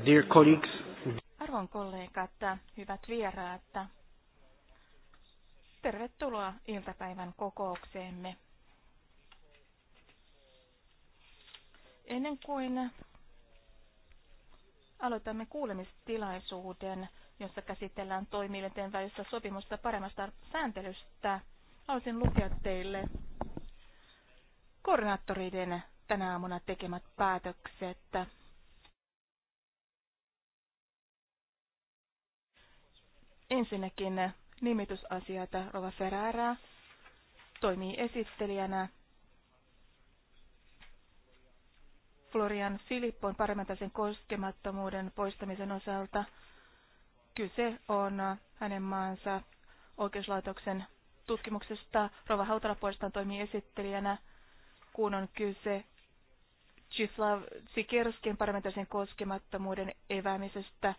Dear colleagues. Arvon kollegat, hyvät vieraat, tervetuloa iltapäivän kokoukseemme. Ennen kuin aloitamme kuulemistilaisuuden, jossa käsitellään toimielinten välistä sopimusta paremmasta sääntelystä, haluaisin lukea teille koordinaattoreiden tänä aamuna tekemät päätökset Ensinnäkin nimitysasioita Rova Ferrara toimii esittelijänä. Florian Filippon parlamentaisen koskemattomuuden poistamisen osalta kyse on hänen maansa oikeuslaitoksen tutkimuksesta. Rova Hautala puolestaan toimii esittelijänä, kun on kyse Chislav Sikerskin parlamentaisen koskemattomuuden eväämisestä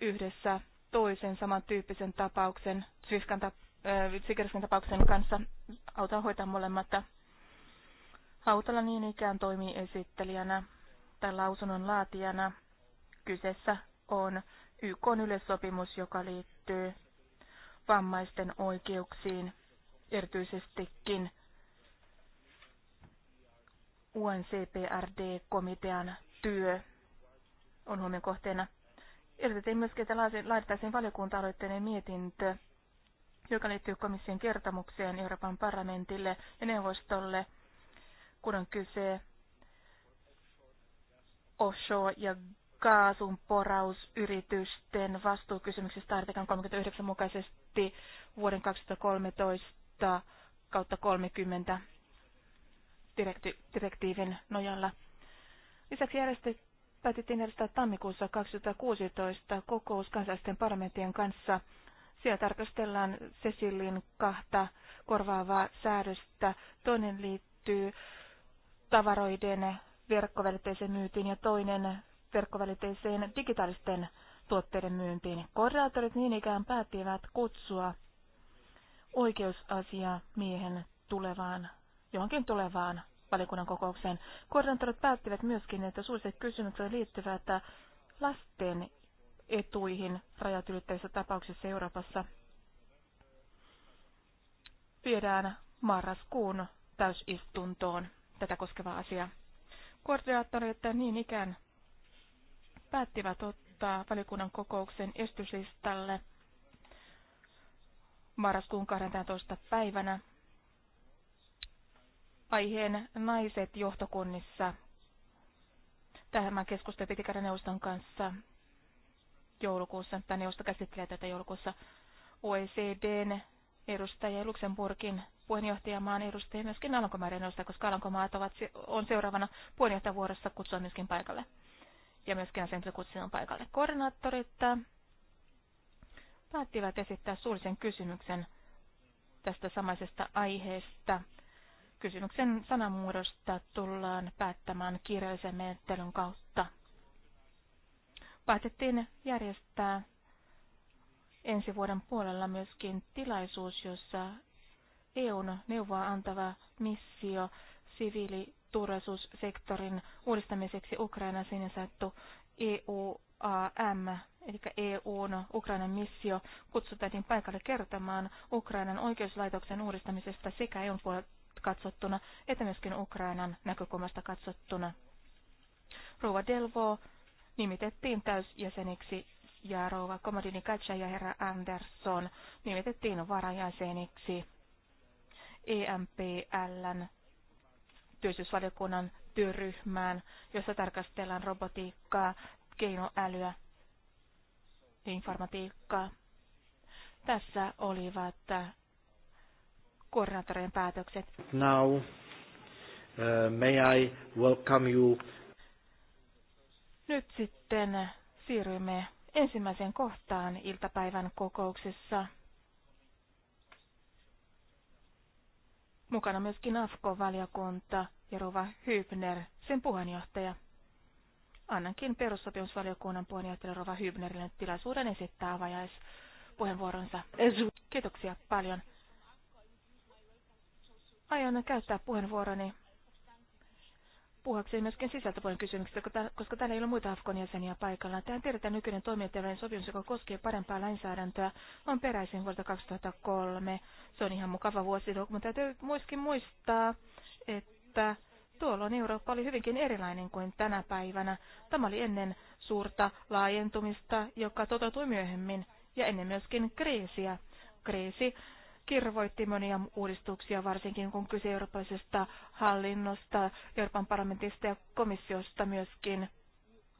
yhdessä toisen samantyyppisen tapauksen, Zyskan ta, äh, tapauksen kanssa. Autan hoitaa molemmat. Hautala niin ikään toimii esittelijänä tai lausunnon laatijana. Kyseessä on YK yleissopimus, joka liittyy vammaisten oikeuksiin, erityisestikin UNCPRD-komitean työ on huomion kohteena. Ehdotettiin myöskin, että laadittaisiin valiokunta-aloitteinen mietintö, joka liittyy komission kertomukseen Euroopan parlamentille ja neuvostolle, kun on kyse offshore- ja kaasun porausyritysten vastuukysymyksestä artikan 39 mukaisesti vuoden 2013 kautta 30 direkti- direktiivin nojalla. Lisäksi järjestettiin päätettiin järjestää tammikuussa 2016 kokous kansallisten parlamenttien kanssa. Siellä tarkastellaan Cecilin kahta korvaavaa säädöstä. Toinen liittyy tavaroiden verkkovälitteiseen myyntiin ja toinen verkkovälitteiseen digitaalisten tuotteiden myyntiin. Koordinaattorit niin ikään päättivät kutsua oikeusasiamiehen tulevaan, johonkin tulevaan valiokunnan kokoukseen. Koordinaattorit päättivät myöskin, että suuriset kysymykset liittyvät lasten etuihin rajat ylittävissä tapauksissa Euroopassa viedään marraskuun täysistuntoon tätä koskeva asia. Koordinaattorit niin ikään päättivät ottaa valiokunnan kokouksen estyslistalle marraskuun 12. päivänä aiheen naiset johtokunnissa. Tähän keskustelu piti käydä neuvoston kanssa joulukuussa, tai neuvosto käsittelee tätä joulukuussa OECDn edustajia Luxemburgin puheenjohtajamaan edustajia myöskin Alankomaiden edustajia, koska Alankomaat ovat, on seuraavana puheenjohtajavuorossa kutsua myöskin paikalle. Ja myöskin on paikalle. Koordinaattorit äh, päättivät esittää suullisen kysymyksen tästä samaisesta aiheesta Kysymyksen sanamuodosta tullaan päättämään kirjallisen menettelyn kautta. Päätettiin järjestää ensi vuoden puolella myöskin tilaisuus, jossa EUn neuvoa antava missio siviiliturvallisuussektorin uudistamiseksi Ukraina sinisaattu EUAM, eli EUn Ukrainan missio, kutsutaan paikalle kertomaan Ukrainan oikeuslaitoksen uudistamisesta sekä EUn katsottuna, että myöskin Ukrainan näkökulmasta katsottuna. Rouva Delvo nimitettiin täysjäseniksi ja rouva Komodini Katja ja herra Andersson nimitettiin varajäseniksi EMPLn työllisyysvaliokunnan työryhmään, jossa tarkastellaan robotiikkaa, keinoälyä informatiikkaa. Tässä olivat koordinaattorien päätökset. Now, uh, may I welcome you. Nyt sitten siirrymme ensimmäiseen kohtaan iltapäivän kokouksessa. Mukana myöskin AFKO-valiokunta ja Rova Hybner, sen puheenjohtaja. Annankin perussopimusvaliokunnan puheenjohtajalle Rova Hybnerille tilaisuuden esittää avajaispuheenvuoronsa. Kiitoksia paljon aion käyttää puheenvuoroni puhuakseni myöskin sisältöpuolen kysymyksistä, koska täällä ei ole muita Afgon jäseniä paikalla. Tämä tiedetään nykyinen toimijoiden sopimus, joka koskee parempaa lainsäädäntöä, on peräisin vuodelta 2003. Se on ihan mukava vuosi, mutta täytyy myöskin muistaa, että tuolloin Eurooppa oli hyvinkin erilainen kuin tänä päivänä. Tämä oli ennen suurta laajentumista, joka toteutui myöhemmin, ja ennen myöskin kriisiä. Kriisi kirvoitti monia uudistuksia, varsinkin kun kyse eurooppalaisesta hallinnosta, Euroopan parlamentista ja komissiosta myöskin.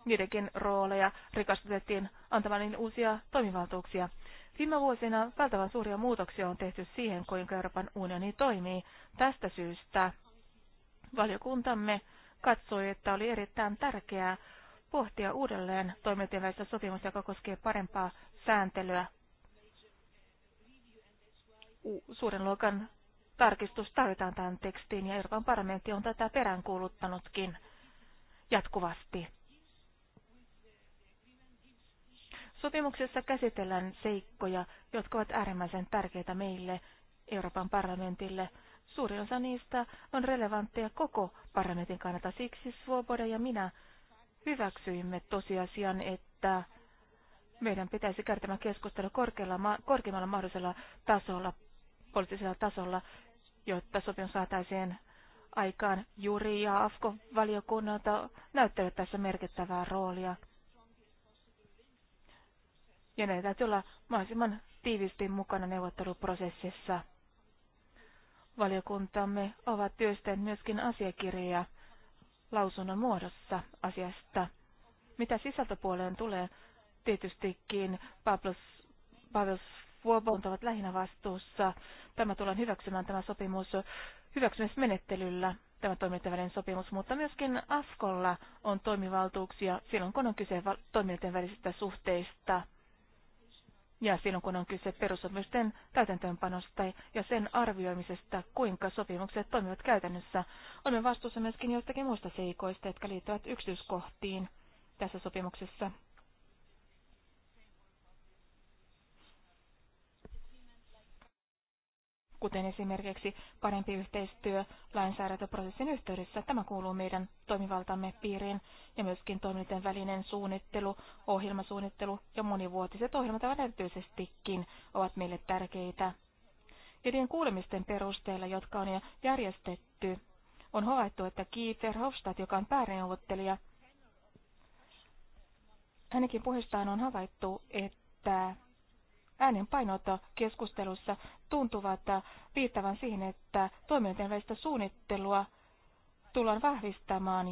Niidenkin rooleja rikastutettiin antamaan niin uusia toimivaltuuksia. Viime vuosina valtavan suuria muutoksia on tehty siihen, kuinka Euroopan unioni toimii. Tästä syystä valiokuntamme katsoi, että oli erittäin tärkeää pohtia uudelleen toimintavälistä sopimusta, joka koskee parempaa sääntelyä suuren luokan tarkistus tarvitaan tähän tekstiin ja Euroopan parlamentti on tätä peräänkuuluttanutkin jatkuvasti. Sopimuksessa käsitellään seikkoja, jotka ovat äärimmäisen tärkeitä meille, Euroopan parlamentille. Suurin osa niistä on relevantteja koko parlamentin kannalta. Siksi Svoboda ja minä hyväksyimme tosiasian, että meidän pitäisi käydä keskustelu korkeammalla mahdollisella tasolla poliittisella tasolla, jotta sopimus saataisiin aikaan. Juri ja AFKO-valiokunnalta näyttävät tässä merkittävää roolia. Ja ne täytyy olla mahdollisimman tiivisti mukana neuvotteluprosessissa. Valiokuntamme ovat työstäneet myöskin asiakirjaa lausunnon muodossa asiasta. Mitä sisältöpuoleen tulee, tietystikin Pablos, valvonta ovat lähinnä vastuussa. Tämä tullaan hyväksymään tämä sopimus hyväksymismenettelyllä, tämä toimintavälinen sopimus, mutta myöskin AFKolla on toimivaltuuksia silloin, kun on kyse toimijoiden välisistä suhteista ja silloin, kun on kyse perussopimusten täytäntöönpanosta ja sen arvioimisesta, kuinka sopimukset toimivat käytännössä. Olemme vastuussa myöskin joistakin muista seikoista, jotka liittyvät yksityiskohtiin tässä sopimuksessa. kuten esimerkiksi parempi yhteistyö lainsäädäntöprosessin yhteydessä. Tämä kuuluu meidän toimivaltamme piiriin ja myöskin toimintojen välinen suunnittelu, ohjelmasuunnittelu ja monivuotiset ohjelmat ovat erityisestikin ovat meille tärkeitä. Edien kuulemisten perusteella, jotka on jo järjestetty, on havaittu, että Guy Verhofstadt, joka on pääneuvottelija, hänenkin puheestaan on havaittu, että äänen painot keskustelussa tuntuvat viittavan siihen, että toimijoiden suunnittelua tullaan vahvistamaan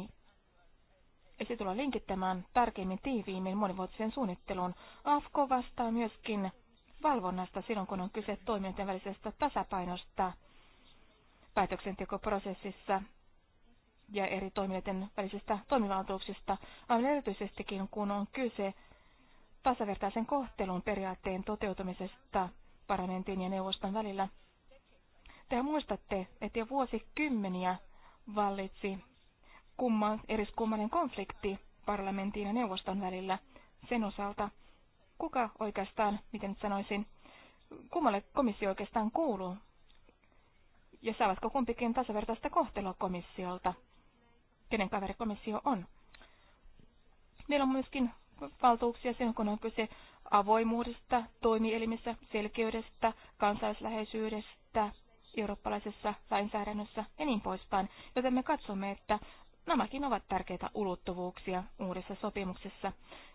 ja se tullaan linkittämään tarkemmin tiiviimmin monivuotiseen suunnitteluun. AFKO vastaa myöskin valvonnasta silloin, kun on kyse toimintojen välisestä tasapainosta päätöksentekoprosessissa ja eri toimijoiden välisistä toimivaltuuksista, aivan erityisestikin kun on kyse tasavertaisen kohtelun periaatteen toteutumisesta parlamentin ja neuvoston välillä. Te muistatte, että jo vuosikymmeniä vallitsi kumman, eriskummanen konflikti parlamentin ja neuvoston välillä sen osalta, kuka oikeastaan, miten nyt sanoisin, kummalle komissio oikeastaan kuuluu ja saavatko kumpikin tasavertaista kohtelua komissiolta, kenen kaveri komissio on. Meillä on myöskin valtuuksia silloin, kun on kyse avoimuudesta toimielimissä, selkeydestä, kansallisläheisyydestä, eurooppalaisessa lainsäädännössä ja niin poispäin, joten me katsomme, että Nämäkin ovat tärkeitä ulottuvuuksia uudessa sopimuksessa.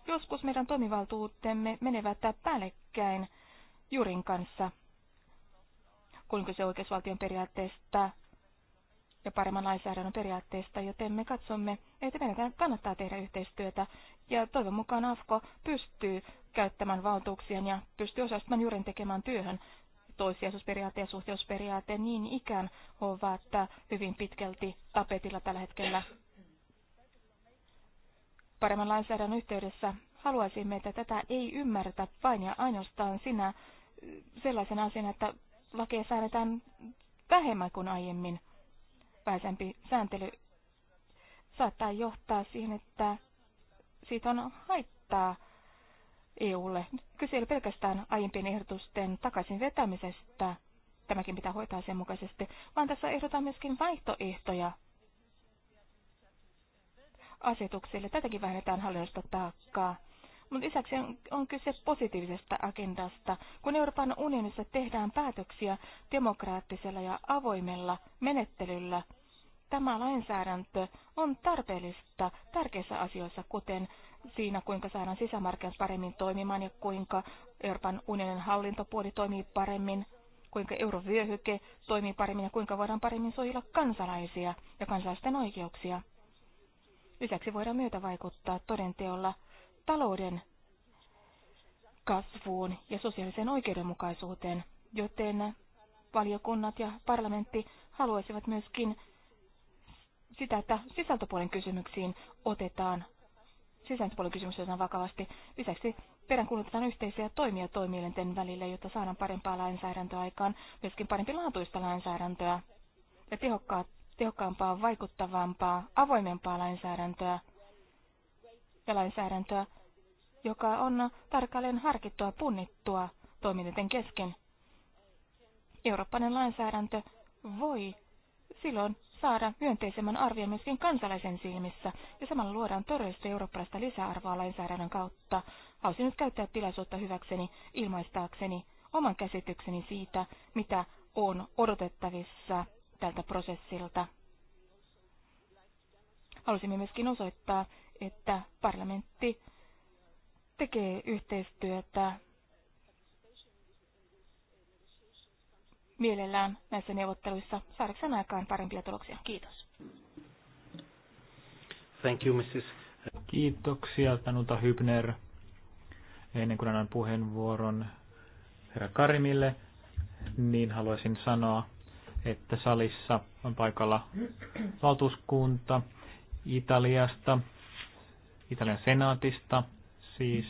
Joskus meidän toimivaltuutemme menevät päällekkäin jurin kanssa, kun se oikeusvaltion periaatteesta ja paremman lainsäädännön periaatteista, joten me katsomme, että meidän kannattaa tehdä yhteistyötä ja toivon mukaan AFKO pystyy käyttämään valtuuksia ja pystyy osallistumaan juuri tekemään työhön. Toissijaisuusperiaate ja suhteusperiaate niin ikään ovat hyvin pitkälti tapetilla tällä hetkellä. Paremman lainsäädännön yhteydessä haluaisimme, että tätä ei ymmärretä vain ja ainoastaan sinä sellaisena asiana, että lakeja säädetään vähemmän kuin aiemmin tiukkapäisempi sääntely saattaa johtaa siihen, että siitä on haittaa EUlle. Kyse ei ole pelkästään aiempien ehdotusten takaisin vetämisestä, tämäkin pitää hoitaa sen mukaisesti, vaan tässä ehdotetaan myöskin vaihtoehtoja asetuksille. Tätäkin vähennetään hallinnosta taakkaa. Mutta lisäksi on, on kyse positiivisesta agendasta, kun Euroopan unionissa tehdään päätöksiä demokraattisella ja avoimella menettelyllä – tämä lainsäädäntö on tarpeellista tärkeissä asioissa, kuten siinä, kuinka saadaan sisämarkkinat paremmin toimimaan ja kuinka Euroopan unionin hallintopuoli toimii paremmin, kuinka eurovyöhyke toimii paremmin ja kuinka voidaan paremmin suojella kansalaisia ja kansalaisten oikeuksia. Lisäksi voidaan myötä vaikuttaa todenteolla talouden kasvuun ja sosiaaliseen oikeudenmukaisuuteen, joten valiokunnat ja parlamentti haluaisivat myöskin sitä, että sisältöpuolen kysymyksiin otetaan sisältöpuolen kysymyksiä otetaan vakavasti. Lisäksi peräänkuulutetaan yhteisiä toimia toimielinten välille, jotta saadaan parempaa lainsäädäntöä aikaan, myöskin parempi laatuista lainsäädäntöä ja tehokkaa, tehokkaampaa, vaikuttavampaa, avoimempaa lainsäädäntöä ja lainsäädäntöä, joka on tarkalleen harkittua punnittua toimielinten kesken. Eurooppainen lainsäädäntö voi silloin saada myönteisemmän arvion myöskin kansalaisen silmissä ja samalla luodaan todellista eurooppalaista lisäarvoa lainsäädännön kautta. Haluaisin nyt käyttää tilaisuutta hyväkseni ilmaistaakseni oman käsitykseni siitä, mitä on odotettavissa tältä prosessilta. Halusimme myöskin osoittaa, että parlamentti tekee yhteistyötä mielellään näissä neuvotteluissa saadakseen aikaan parempia tuloksia. Kiitos. Thank you, Mrs. Kiitoksia, Tanuta Hybner. Ennen kuin annan puheenvuoron herra Karimille, niin haluaisin sanoa, että salissa on paikalla valtuuskunta Italiasta, Italian senaatista siis.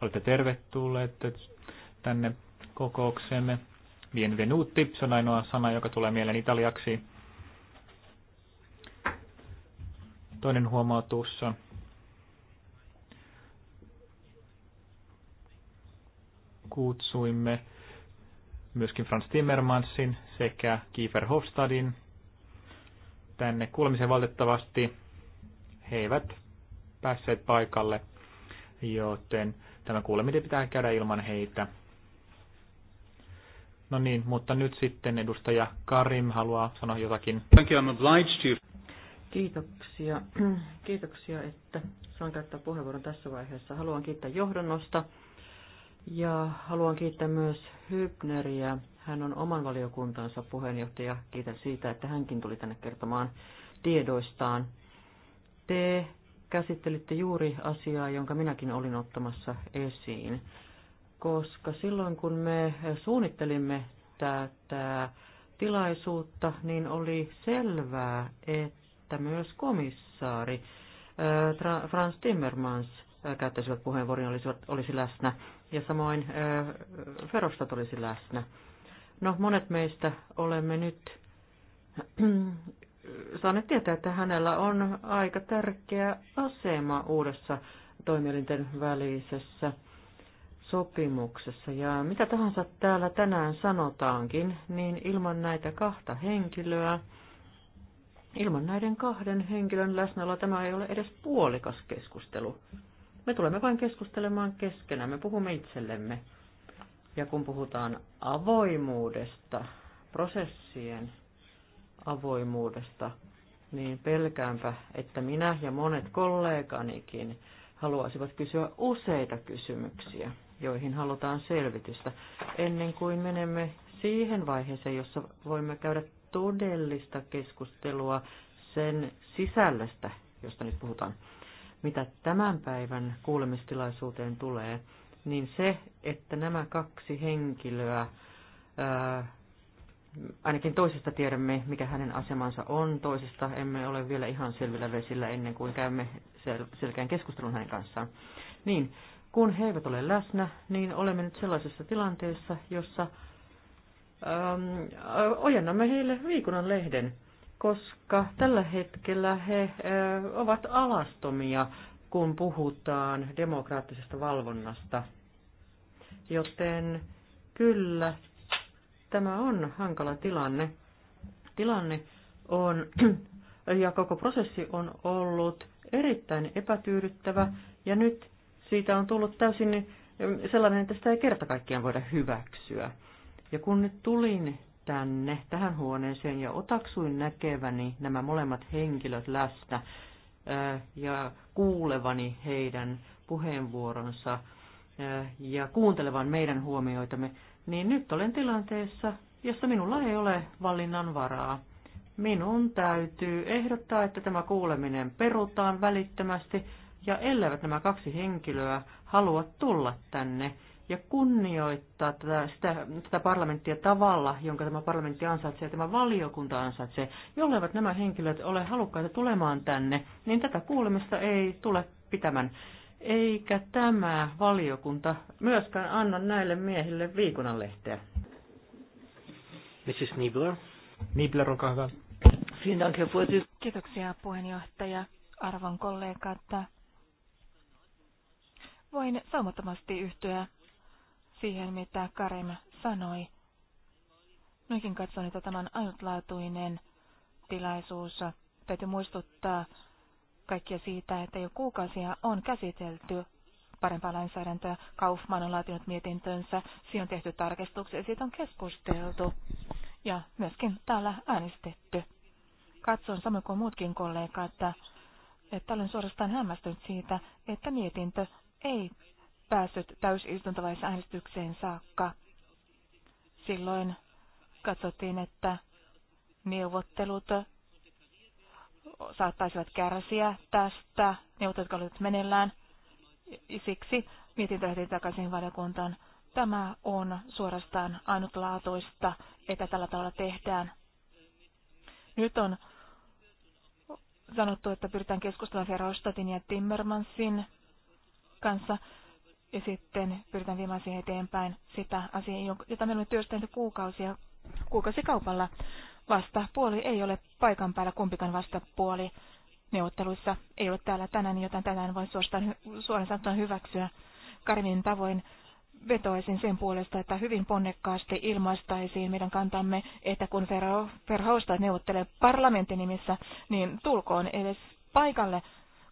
Olette tervetulleet tänne kokouksemme. Bienvenuti, se on ainoa sana, joka tulee mieleen italiaksi. Toinen huomautus on kutsuimme myöskin Franz Timmermansin sekä Kiefer Hofstadin tänne kuulemisen valitettavasti. He eivät päässeet paikalle, joten tämä kuuleminen pitää käydä ilman heitä. No niin, mutta nyt sitten edustaja Karim haluaa sanoa jotakin. Thank you, I'm obliged to. Kiitoksia. Kiitoksia, että saan käyttää puheenvuoron tässä vaiheessa. Haluan kiittää johdonnosta ja haluan kiittää myös Hybneriä. Hän on oman valiokuntansa puheenjohtaja. Kiitän siitä, että hänkin tuli tänne kertomaan tiedoistaan. Te käsittelitte juuri asiaa, jonka minäkin olin ottamassa esiin koska silloin kun me suunnittelimme tätä tilaisuutta, niin oli selvää, että myös komissaari äh, Franz Timmermans äh, käyttäisivät puheenvuoron olisivat, olisi läsnä ja samoin Ferostat äh, olisi läsnä. No, monet meistä olemme nyt saaneet tietää, että hänellä on aika tärkeä asema uudessa toimielinten välisessä sopimuksessa. Ja mitä tahansa täällä tänään sanotaankin, niin ilman näitä kahta henkilöä, ilman näiden kahden henkilön läsnäoloa tämä ei ole edes puolikas keskustelu. Me tulemme vain keskustelemaan keskenään, me puhumme itsellemme. Ja kun puhutaan avoimuudesta, prosessien avoimuudesta, niin pelkäänpä, että minä ja monet kolleganikin haluaisivat kysyä useita kysymyksiä joihin halutaan selvitystä, ennen kuin menemme siihen vaiheeseen, jossa voimme käydä todellista keskustelua sen sisällöstä, josta nyt puhutaan. Mitä tämän päivän kuulemistilaisuuteen tulee, niin se, että nämä kaksi henkilöä, ää, ainakin toisesta tiedämme, mikä hänen asemansa on, toisesta emme ole vielä ihan selvillä vesillä ennen kuin käymme sel- selkeän keskustelun hänen kanssaan. Niin, kun he eivät ole läsnä, niin olemme nyt sellaisessa tilanteessa, jossa äm, ojennamme heille viikunan lehden, koska tällä hetkellä he ä, ovat alastomia, kun puhutaan demokraattisesta valvonnasta. Joten kyllä, tämä on hankala tilanne. Tilanne on, ja koko prosessi on ollut erittäin epätyydyttävä, ja nyt siitä on tullut täysin mm, sellainen, että sitä ei kerta kaikkiaan voida hyväksyä. Ja kun nyt tulin tänne, tähän huoneeseen, ja otaksuin näkeväni nämä molemmat henkilöt läsnä ja kuulevani heidän puheenvuoronsa ja kuuntelevan meidän huomioitamme, niin nyt olen tilanteessa, jossa minulla ei ole valinnan varaa. Minun täytyy ehdottaa, että tämä kuuleminen perutaan välittömästi, ja elleivät nämä kaksi henkilöä halua tulla tänne ja kunnioittaa tätä, sitä, tätä parlamenttia tavalla, jonka tämä parlamentti ansaitsee ja tämä valiokunta ansaitsee, jolleivät nämä henkilöt ole halukkaita tulemaan tänne, niin tätä kuulemista ei tule pitämään. Eikä tämä valiokunta myöskään anna näille miehille viikunanlehteä. Mrs. Niebler. Niebler, olkaa hyvä. Kiitoksia puheenjohtaja, arvon kollegat. Voin saumattomasti yhtyä siihen, mitä Karim sanoi. Minäkin katson, että tämä on ainutlaatuinen tilaisuus. Täytyy muistuttaa kaikkia siitä, että jo kuukausia on käsitelty parempaa lainsäädäntöä. Kaufman on laatinut mietintönsä, siinä on tehty tarkistuksia, siitä on keskusteltu ja myöskin täällä äänestetty. Katson samoin kuin muutkin kollegat, että, että olen suorastaan hämmästynyt siitä, että mietintö ei päässyt äänestykseen saakka. Silloin katsottiin, että neuvottelut saattaisivat kärsiä tästä, neuvottelut, jotka olivat meneillään. Siksi mietintö lähti takaisin valiokuntaan. Tämä on suorastaan ainutlaatuista, että tällä tavalla tehdään. Nyt on sanottu, että pyritään keskustelemaan Verhofstadtin ja Timmermansin kanssa ja sitten pyritään viemään siihen eteenpäin sitä asiaa, jota me olemme työstäneet kuukausia kuukausikaupalla. Vastapuoli ei ole paikan päällä kumpikaan vastapuoli neuvotteluissa. Ei ole täällä tänään, joten tänään voi suorastaan, suoraan sanottuna hyväksyä. Karmin tavoin vetoaisin sen puolesta, että hyvin ponnekkaasti ilmaistaisiin meidän kantamme, että kun Verhausta neuvottelee parlamentin nimissä, niin tulkoon edes paikalle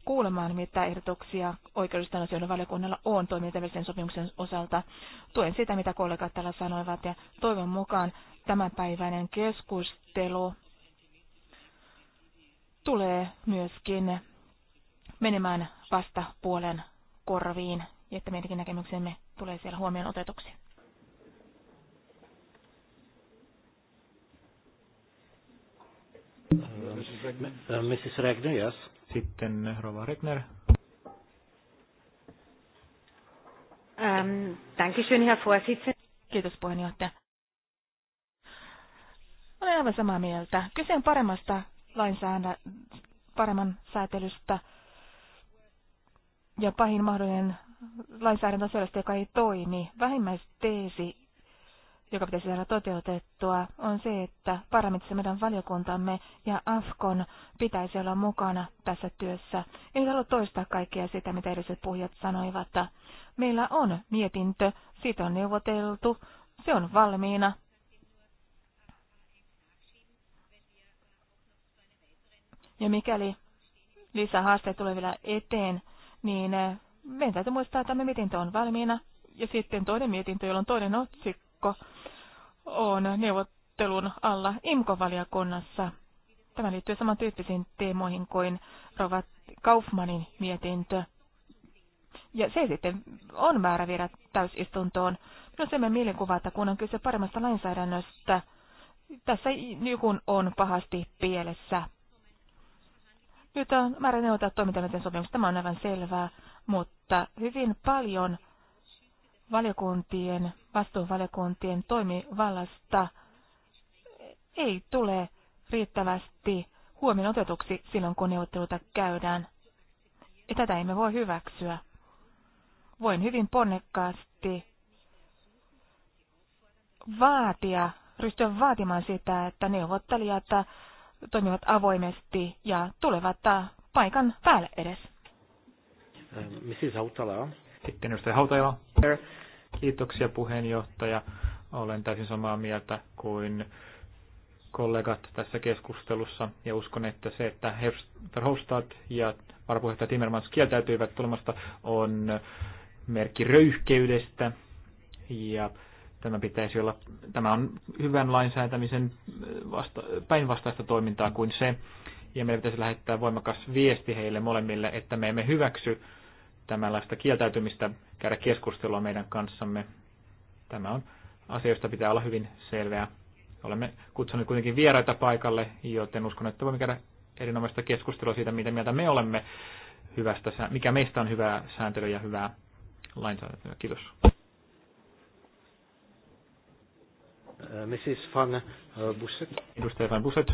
kuulemaan, mitä ehdotuksia oikeudellisten asioiden valiokunnalla on toimintavälisen sopimuksen osalta. Tuen sitä, mitä kollegat täällä sanoivat ja toivon mukaan tämänpäiväinen keskustelu tulee myöskin menemään vasta puolen korviin, että meidänkin näkemyksemme tulee siellä huomioon otetuksi. Uh, Mrs. Regner, yes. Sitten Rova Regner. Ähm, Kiitos puheenjohtaja. Olen aivan samaa mieltä. Kyse on paremmasta lainsäädä, paremman säätelystä ja pahin mahdollinen lainsäädäntö sellaista, joka ei toimi. Vähimmäisteesi joka pitäisi saada toteutettua, on se, että parlamentissa meidän valiokuntamme ja AFKON pitäisi olla mukana tässä työssä. Ei halua toistaa kaikkea sitä, mitä edelliset puhujat sanoivat. Meillä on mietintö, siitä on neuvoteltu, se on valmiina. Ja mikäli lisähaasteet tulee vielä eteen, niin eh, meidän täytyy muistaa, että tämä mietintö on valmiina. Ja sitten toinen mietintö, jolla on toinen otsikko, on neuvottelun alla IMKO-valiokunnassa. Tämä liittyy samantyyppisiin teemoihin kuin Rova Kaufmanin mietintö. Ja se sitten on määrä viedä täysistuntoon. Minun se mielikuva, että kun on kyse paremmasta lainsäädännöstä, tässä joku on pahasti pielessä. Nyt on määrä neuvotella toimintamisen sopimus, tämä on aivan selvää, mutta hyvin paljon valiokuntien, vastuuvaliokuntien toimivallasta ei tule riittävästi huomioon otetuksi silloin, kun neuvotteluita käydään. Ja tätä emme voi hyväksyä. Voin hyvin ponnekkaasti vaatia, ryhtyä vaatimaan sitä, että neuvottelijat toimivat avoimesti ja tulevat paikan päälle edes. Mrs. Hautala. Sitten edustaja Hautala. Kiitoksia puheenjohtaja. Olen täysin samaa mieltä kuin kollegat tässä keskustelussa ja uskon, että se, että Verhofstadt ja varapuheenjohtaja Timmermans kieltäytyivät tulemasta on merkki röyhkeydestä ja tämä pitäisi olla, tämä on hyvän lainsäätämisen vasta, päinvastaista toimintaa kuin se, ja meidän pitäisi lähettää voimakas viesti heille molemmille, että me emme hyväksy tämänlaista kieltäytymistä käydä keskustelua meidän kanssamme. Tämä on asia, josta pitää olla hyvin selveä. Olemme kutsuneet kuitenkin vieraita paikalle, joten uskon, että voimme käydä erinomaista keskustelua siitä, mitä mieltä me olemme hyvästä, mikä meistä on hyvää sääntelyä ja hyvää lainsäädäntöä. Kiitos. Äh, Mrs. Van Busset. Edustaja Van Busset.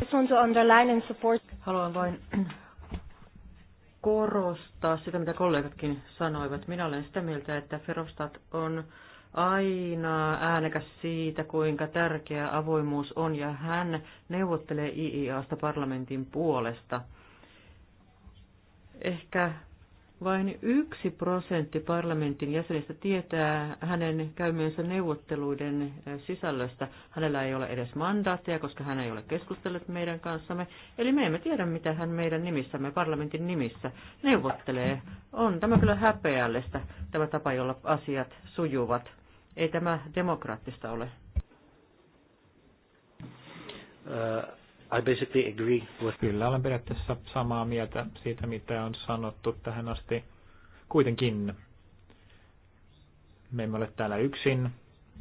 Haluan vain korostaa sitä, mitä kollegatkin sanoivat. Minä olen sitä mieltä, että Ferostat on aina äänekäs siitä, kuinka tärkeä avoimuus on, ja hän neuvottelee IIAsta parlamentin puolesta. Ehkä vain yksi prosentti parlamentin jäsenistä tietää hänen käymiensä neuvotteluiden eh, sisällöstä. Hänellä ei ole edes mandaatteja, koska hän ei ole keskustellut meidän kanssamme. Eli me emme tiedä, mitä hän meidän nimissämme, parlamentin nimissä, neuvottelee. On tämä kyllä häpeällistä, tämä tapa, jolla asiat sujuvat. Ei tämä demokraattista ole. Äh, I basically agree with... Kyllä olen periaatteessa samaa mieltä siitä, mitä on sanottu tähän asti. Kuitenkin me emme ole täällä yksin.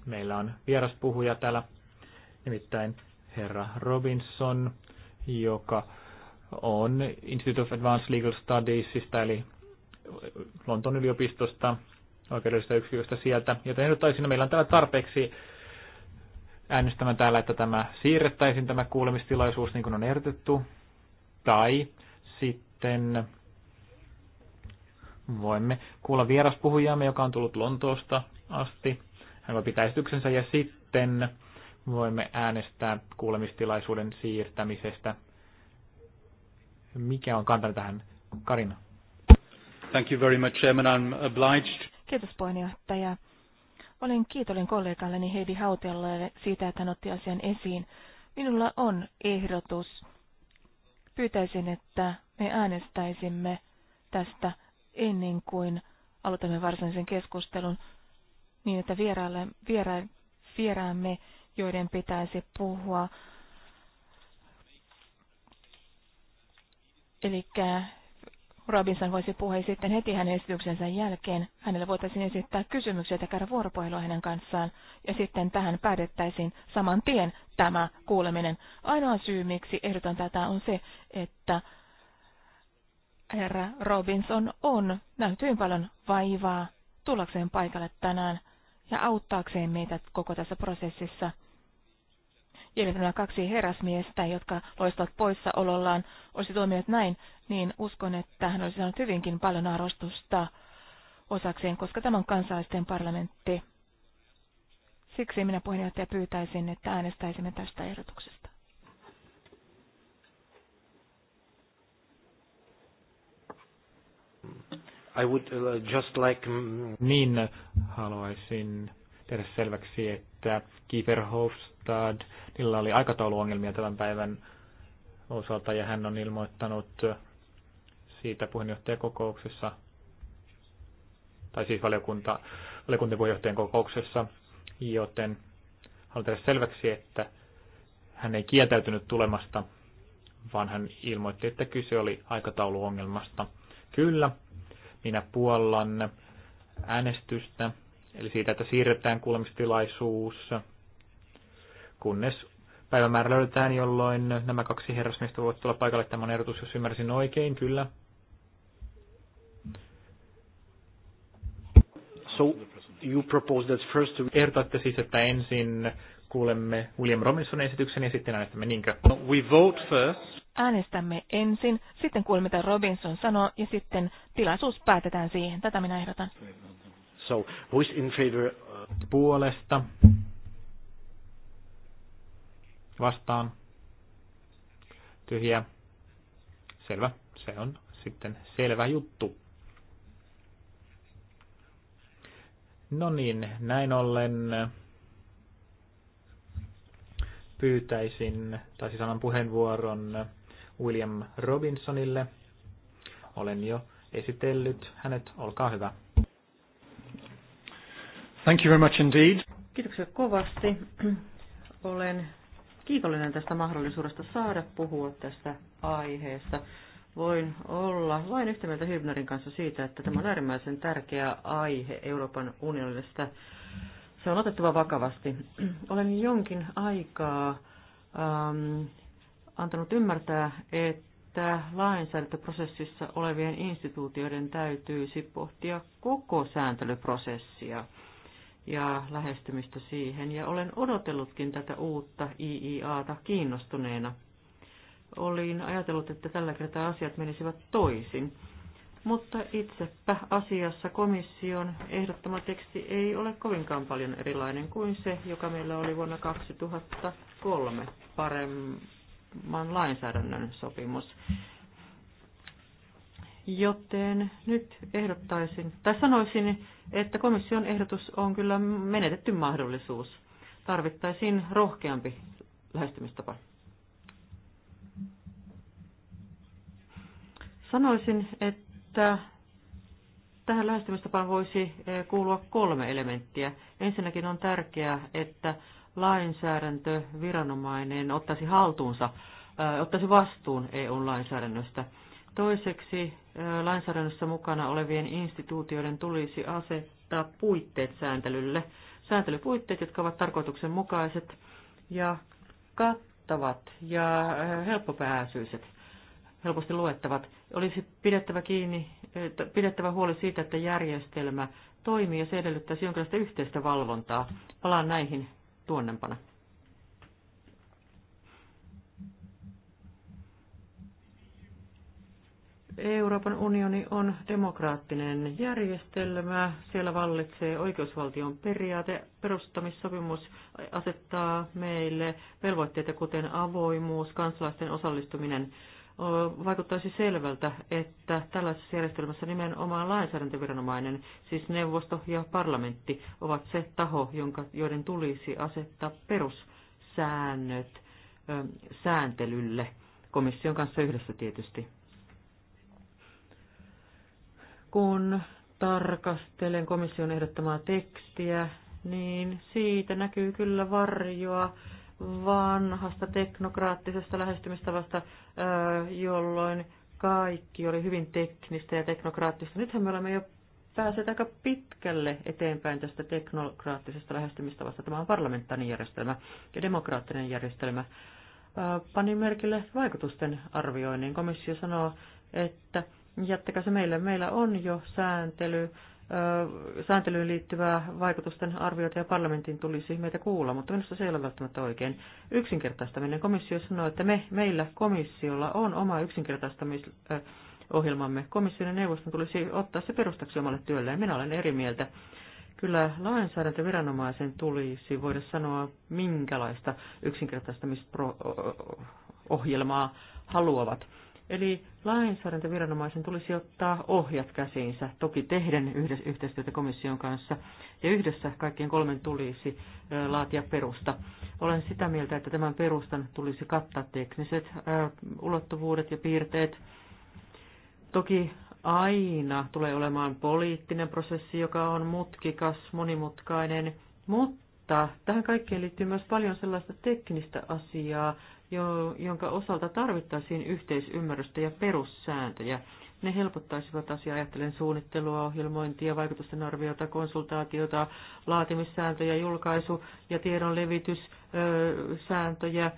Meillä on puhuja täällä, nimittäin herra Robinson, joka on Institute of Advanced Legal Studiesista, eli Lontoon yliopistosta, oikeudellisesta yksiköstä sieltä. Joten ehdottaisin, meillä on täällä tarpeeksi äänestämään täällä, että tämä siirrettäisiin tämä kuulemistilaisuus niin kuin on ehdotettu, tai sitten voimme kuulla vieraspuhujamme, joka on tullut Lontoosta asti. Hän voi pitää esityksensä ja sitten voimme äänestää kuulemistilaisuuden siirtämisestä. Mikä on kantani tähän, Karina? Thank you very much, Chairman. I'm obliged. Kiitos puheenjohtaja olen kiitollinen kollegalleni Heidi Hautelalle siitä, että hän otti asian esiin. Minulla on ehdotus. Pyytäisin, että me äänestäisimme tästä ennen kuin aloitamme varsinaisen keskustelun niin, että vieraille, viera, vieraamme, joiden pitäisi puhua, eli Robinson voisi puhua sitten heti hänen esityksensä jälkeen. Hänelle voitaisiin esittää kysymyksiä ja käydä vuoropuhelua hänen kanssaan. Ja sitten tähän päätettäisiin saman tien tämä kuuleminen. Ainoa syy, miksi ehdotan tätä, on se, että herra Robinson on nähnyt hyvin paljon vaivaa tullakseen paikalle tänään ja auttaakseen meitä koko tässä prosessissa. Eli nämä kaksi herrasmiestä, jotka loistavat poissaolollaan, olisi toimineet näin, niin uskon, että hän olisi saanut hyvinkin paljon arvostusta osakseen, koska tämä on kansalaisten parlamentti. Siksi minä puheenjohtaja pyytäisin, että äänestäisimme tästä ehdotuksesta. I would uh, just like... Mm, niin haluaisin tehdä selväksi, että että Kiefer Hofstad, niillä oli aikatauluongelmia tämän päivän osalta ja hän on ilmoittanut siitä puheenjohtajakokouksessa, tai siis valiokunta, valiokuntien puheenjohtajan kokouksessa, joten haluan tehdä selväksi, että hän ei kieltäytynyt tulemasta, vaan hän ilmoitti, että kyse oli aikatauluongelmasta. Kyllä, minä puollan äänestystä Eli siitä, että siirretään kuulemistilaisuus, kunnes päivämäärä löydetään, jolloin nämä kaksi herrasmiestä voivat tulla paikalle. Tämä on erotus, jos ymmärsin oikein, kyllä. So you propose that first to... Ehdotatte siis, että ensin kuulemme William Robinsonin esityksen ja sitten äänestämme niinkö? No, we vote first. Äänestämme ensin, sitten kuulemme mitä Robinson sanoo ja sitten tilaisuus päätetään siihen. Tätä minä ehdotan. So, who is in favor? Uh, Puolesta. Vastaan. Tyhjä. Selvä. Se on sitten selvä juttu. No niin, näin ollen pyytäisin, tai siis annan puheenvuoron William Robinsonille. Olen jo esitellyt hänet, olkaa hyvä. Thank you very much indeed. Kiitoksia kovasti. Olen kiitollinen tästä mahdollisuudesta saada puhua tästä aiheesta. Voin olla vain yhtä mieltä Hybnerin kanssa siitä, että tämä on äärimmäisen tärkeä aihe Euroopan unionista. Se on otettava vakavasti. Olen jonkin aikaa ähm, antanut ymmärtää, että lainsäädäntöprosessissa olevien instituutioiden täytyisi pohtia koko sääntelyprosessia – ja lähestymistä siihen, ja olen odotellutkin tätä uutta IIAta kiinnostuneena. Olin ajatellut, että tällä kertaa asiat menisivät toisin, mutta itsepä asiassa komission ehdottama teksti ei ole kovinkaan paljon erilainen kuin se, joka meillä oli vuonna 2003 paremman lainsäädännön sopimus. Joten nyt ehdottaisin, tai sanoisin, että komission ehdotus on kyllä menetetty mahdollisuus. Tarvittaisiin rohkeampi lähestymistapa. Sanoisin, että tähän lähestymistapaan voisi eh, kuulua kolme elementtiä. Ensinnäkin on tärkeää, että lainsäädäntöviranomainen ottaisi haltuunsa, eh, ottaisi vastuun EU-lainsäädännöstä. Toiseksi lainsäädännössä mukana olevien instituutioiden tulisi asettaa puitteet sääntelylle. Sääntelypuitteet, jotka ovat tarkoituksenmukaiset ja kattavat ja helppopääsyiset, helposti luettavat. Olisi pidettävä, kiinni, pidettävä huoli siitä, että järjestelmä toimii ja se edellyttäisi jonkinlaista yhteistä valvontaa. Palaan näihin tuonnempana. Euroopan unioni on demokraattinen järjestelmä. Siellä vallitsee oikeusvaltion periaate. Perustamissopimus asettaa meille velvoitteita, kuten avoimuus, kansalaisten osallistuminen. Vaikuttaisi selvältä, että tällaisessa järjestelmässä nimenomaan lainsäädäntöviranomainen, siis neuvosto ja parlamentti, ovat se taho, jonka, joiden tulisi asettaa perussäännöt sääntelylle, komission kanssa yhdessä tietysti. Kun tarkastelen komission ehdottamaa tekstiä, niin siitä näkyy kyllä varjoa vanhasta teknokraattisesta lähestymistavasta, jolloin kaikki oli hyvin teknistä ja teknokraattista. Nythän me olemme jo pääset aika pitkälle eteenpäin tästä teknokraattisesta lähestymistavasta. Tämä on parlamentaarinen järjestelmä ja demokraattinen järjestelmä. Panin merkille vaikutusten arvioinnin. Komissio sanoo, että jättäkää se meille. Meillä on jo sääntely, sääntelyyn liittyvää vaikutusten arviota ja parlamentin tulisi meitä kuulla, mutta minusta se ei ole välttämättä oikein. Yksinkertaistaminen. Komissio sanoo, että me, meillä komissiolla on oma yksinkertaistamisohjelmamme. Komission ja neuvoston tulisi ottaa se perustaksi omalle työlleen. Minä olen eri mieltä. Kyllä lainsäädäntöviranomaisen tulisi voida sanoa, minkälaista yksinkertaistamisohjelmaa haluavat Eli lainsäädäntöviranomaisen tulisi ottaa ohjat käsiinsä, toki tehden yhdessä, yhteistyötä komission kanssa, ja yhdessä kaikkien kolmen tulisi laatia perusta. Olen sitä mieltä, että tämän perustan tulisi kattaa tekniset ulottuvuudet ja piirteet. Toki aina tulee olemaan poliittinen prosessi, joka on mutkikas, monimutkainen, mutta tähän kaikkeen liittyy myös paljon sellaista teknistä asiaa, jonka osalta tarvittaisiin yhteisymmärrystä ja perussääntöjä. Ne helpottaisivat asiaa ajattelen suunnittelua, ohjelmointia, vaikutusten arviota, konsultaatiota, laatimissääntöjä, julkaisu- ja tiedon levityssääntöjä,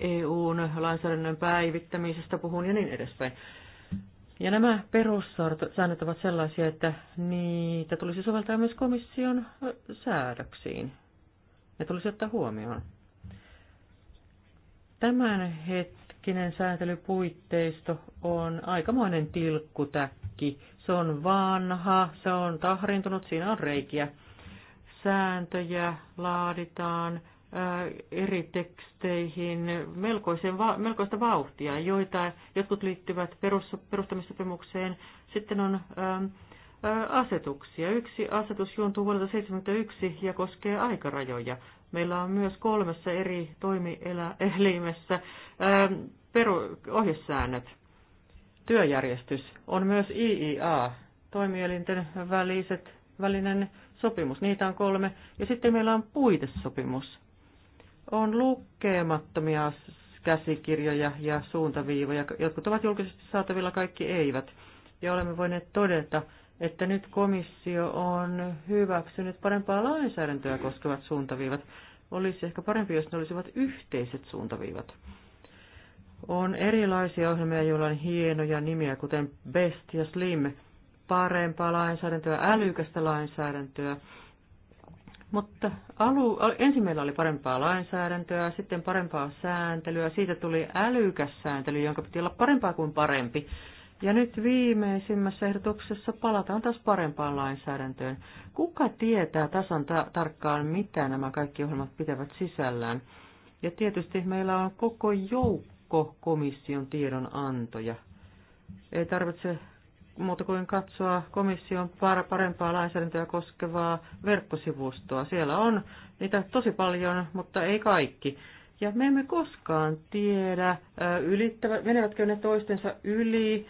EUn lainsäädännön päivittämisestä puhun ja niin edespäin. Ja nämä perussäännöt ovat sellaisia, että niitä tulisi soveltaa myös komission säädöksiin. Ne tulisi ottaa huomioon. Tämänhetkinen sääntelypuitteisto on aikamoinen tilkkutäkki. Se on vanha, se on tahrintunut, siinä on reikiä. Sääntöjä laaditaan äh, eri teksteihin melkoisen, melkoista vauhtia, joita jotkut liittyvät perus, perustamissopimukseen. Sitten on ähm, äh, asetuksia. Yksi asetus juontuu vuodelta 1971 ja koskee aikarajoja. Meillä on myös kolmessa eri toimielimessä ähm, peru- ohjesäännöt. Työjärjestys on myös IIA, toimielinten väliset, välinen sopimus. Niitä on kolme. Ja sitten meillä on puitesopimus. On lukemattomia käsikirjoja ja suuntaviivoja. Jotkut ovat julkisesti saatavilla, kaikki eivät. Ja olemme voineet todeta, että nyt komissio on hyväksynyt parempaa lainsäädäntöä koskevat suuntaviivat. Olisi ehkä parempi, jos ne olisivat yhteiset suuntaviivat. On erilaisia ohjelmia, joilla on hienoja nimiä, kuten Best ja Slim, parempaa lainsäädäntöä, älykästä lainsäädäntöä. Mutta alu, ensin meillä oli parempaa lainsäädäntöä, sitten parempaa sääntelyä, siitä tuli älykäs sääntely, jonka piti olla parempaa kuin parempi. Ja nyt viimeisimmässä ehdotuksessa palataan taas parempaan lainsäädäntöön. Kuka tietää tasan ta- tarkkaan, mitä nämä kaikki ohjelmat pitävät sisällään? Ja tietysti meillä on koko joukko komission tiedonantoja. Ei tarvitse muuta kuin katsoa komission parempaa lainsäädäntöä koskevaa verkkosivustoa. Siellä on niitä tosi paljon, mutta ei kaikki. Ja me emme koskaan tiedä, ylittävä, menevätkö ne toistensa yli,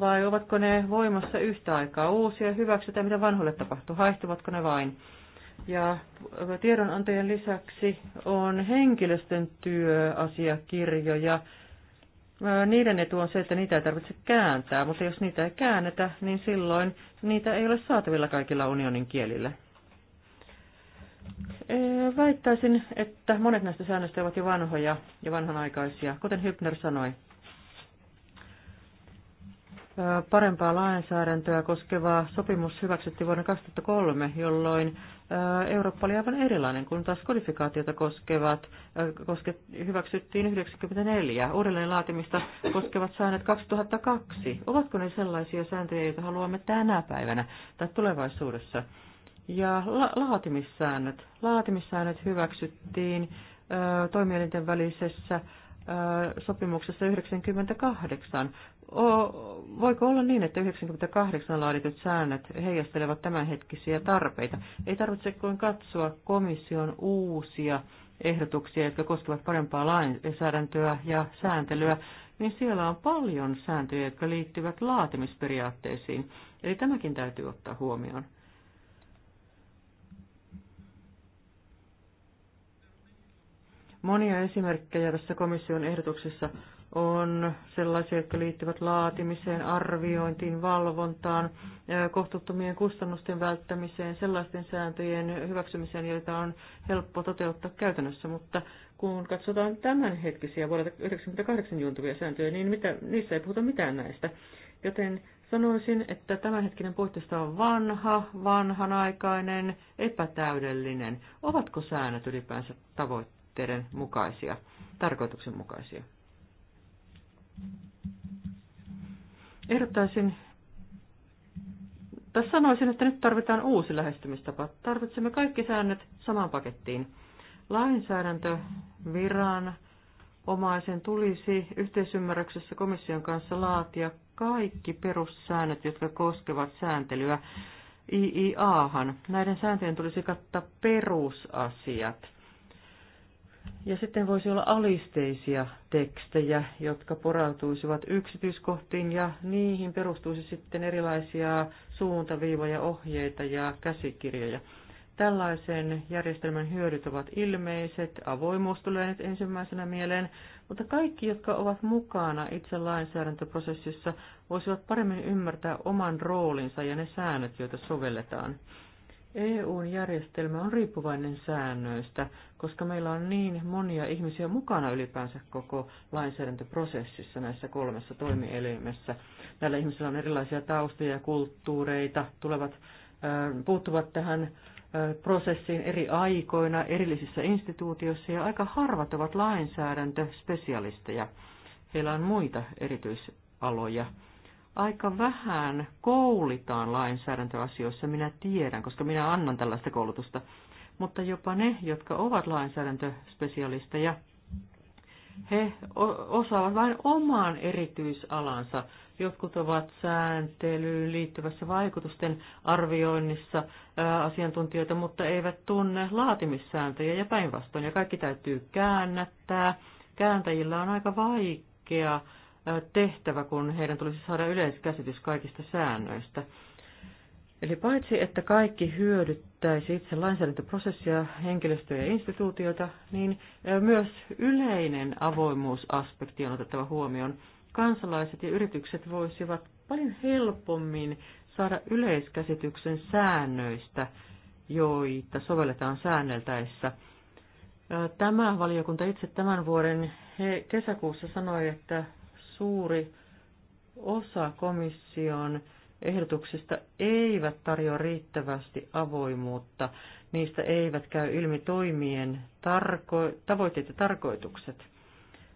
vai ovatko ne voimassa yhtä aikaa uusia, hyväksytään mitä vanhoille tapahtuu, haihtuvatko ne vain. Ja tiedonantajan lisäksi on henkilöstön työasiakirjoja. Niiden etu on se, että niitä ei tarvitse kääntää, mutta jos niitä ei käännetä, niin silloin niitä ei ole saatavilla kaikilla unionin kielillä. Väittäisin, että monet näistä säännöistä ovat jo vanhoja ja vanhanaikaisia, kuten Hübner sanoi parempaa lainsäädäntöä koskeva sopimus hyväksyttiin vuonna 2003, jolloin Eurooppa oli aivan erilainen, kun taas kodifikaatiota koskevat koske, hyväksyttiin 1994, uudelleen laatimista koskevat säännöt 2002. Ovatko ne sellaisia sääntöjä, joita haluamme tänä päivänä tai tulevaisuudessa? Ja la- laatimissäännöt. Laatimissäännöt hyväksyttiin toimielinten välisessä sopimuksessa 1998 voiko olla niin, että 98 laaditut säännöt heijastelevat tämänhetkisiä tarpeita? Ei tarvitse kuin katsoa komission uusia ehdotuksia, jotka koskevat parempaa lainsäädäntöä ja sääntelyä, niin siellä on paljon sääntöjä, jotka liittyvät laatimisperiaatteisiin. Eli tämäkin täytyy ottaa huomioon. Monia esimerkkejä tässä komission ehdotuksessa on sellaisia, jotka liittyvät laatimiseen, arviointiin, valvontaan, kohtuuttomien kustannusten välttämiseen, sellaisten sääntöjen hyväksymiseen, joita on helppo toteuttaa käytännössä. Mutta kun katsotaan tämänhetkisiä vuodelta 1998 juontuvia sääntöjä, niin mitä, niissä ei puhuta mitään näistä. Joten sanoisin, että tämänhetkinen puitteisto on vanha, vanhanaikainen, epätäydellinen. Ovatko säännöt ylipäänsä tavoitteiden mukaisia, tarkoituksenmukaisia? Ehdottaisin, tässä sanoisin, että nyt tarvitaan uusi lähestymistapa. Tarvitsemme kaikki säännöt samaan pakettiin. Lainsäädäntö, viran, omaisen tulisi yhteisymmärryksessä komission kanssa laatia kaikki perussäännöt, jotka koskevat sääntelyä IIA-han. Näiden sääntöjen tulisi kattaa perusasiat – ja sitten voisi olla alisteisia tekstejä, jotka porautuisivat yksityiskohtiin ja niihin perustuisi sitten erilaisia suuntaviivoja, ohjeita ja käsikirjoja. Tällaisen järjestelmän hyödyt ovat ilmeiset, avoimuus tulee nyt ensimmäisenä mieleen, mutta kaikki, jotka ovat mukana itse lainsäädäntöprosessissa, voisivat paremmin ymmärtää oman roolinsa ja ne säännöt, joita sovelletaan. EUn järjestelmä on riippuvainen säännöistä, koska meillä on niin monia ihmisiä mukana ylipäänsä koko lainsäädäntöprosessissa näissä kolmessa toimielimessä. Näillä ihmisillä on erilaisia taustoja ja kulttuureita, tulevat, puuttuvat tähän prosessiin eri aikoina erillisissä instituutioissa ja aika harvat ovat lainsäädäntöspesialisteja. Heillä on muita erityisaloja aika vähän koulitaan lainsäädäntöasioissa, minä tiedän, koska minä annan tällaista koulutusta. Mutta jopa ne, jotka ovat lainsäädäntöspesialisteja, he osaavat vain oman erityisalansa. Jotkut ovat sääntelyyn liittyvässä vaikutusten arvioinnissa ää, asiantuntijoita, mutta eivät tunne laatimissääntöjä ja päinvastoin. Ja kaikki täytyy käännättää. Kääntäjillä on aika vaikea tehtävä, kun heidän tulisi saada yleiskäsitys kaikista säännöistä. Eli paitsi, että kaikki hyödyttäisi itse lainsäädäntöprosessia, henkilöstöä ja instituutioita, niin myös yleinen avoimuusaspekti on otettava huomioon. Kansalaiset ja yritykset voisivat paljon helpommin saada yleiskäsityksen säännöistä, joita sovelletaan säänneltäessä. Tämä valiokunta itse tämän vuoden kesäkuussa sanoi, että suuri osa komission ehdotuksista eivät tarjoa riittävästi avoimuutta. Niistä eivät käy ilmi toimien tarko- tavoitteet ja tarkoitukset.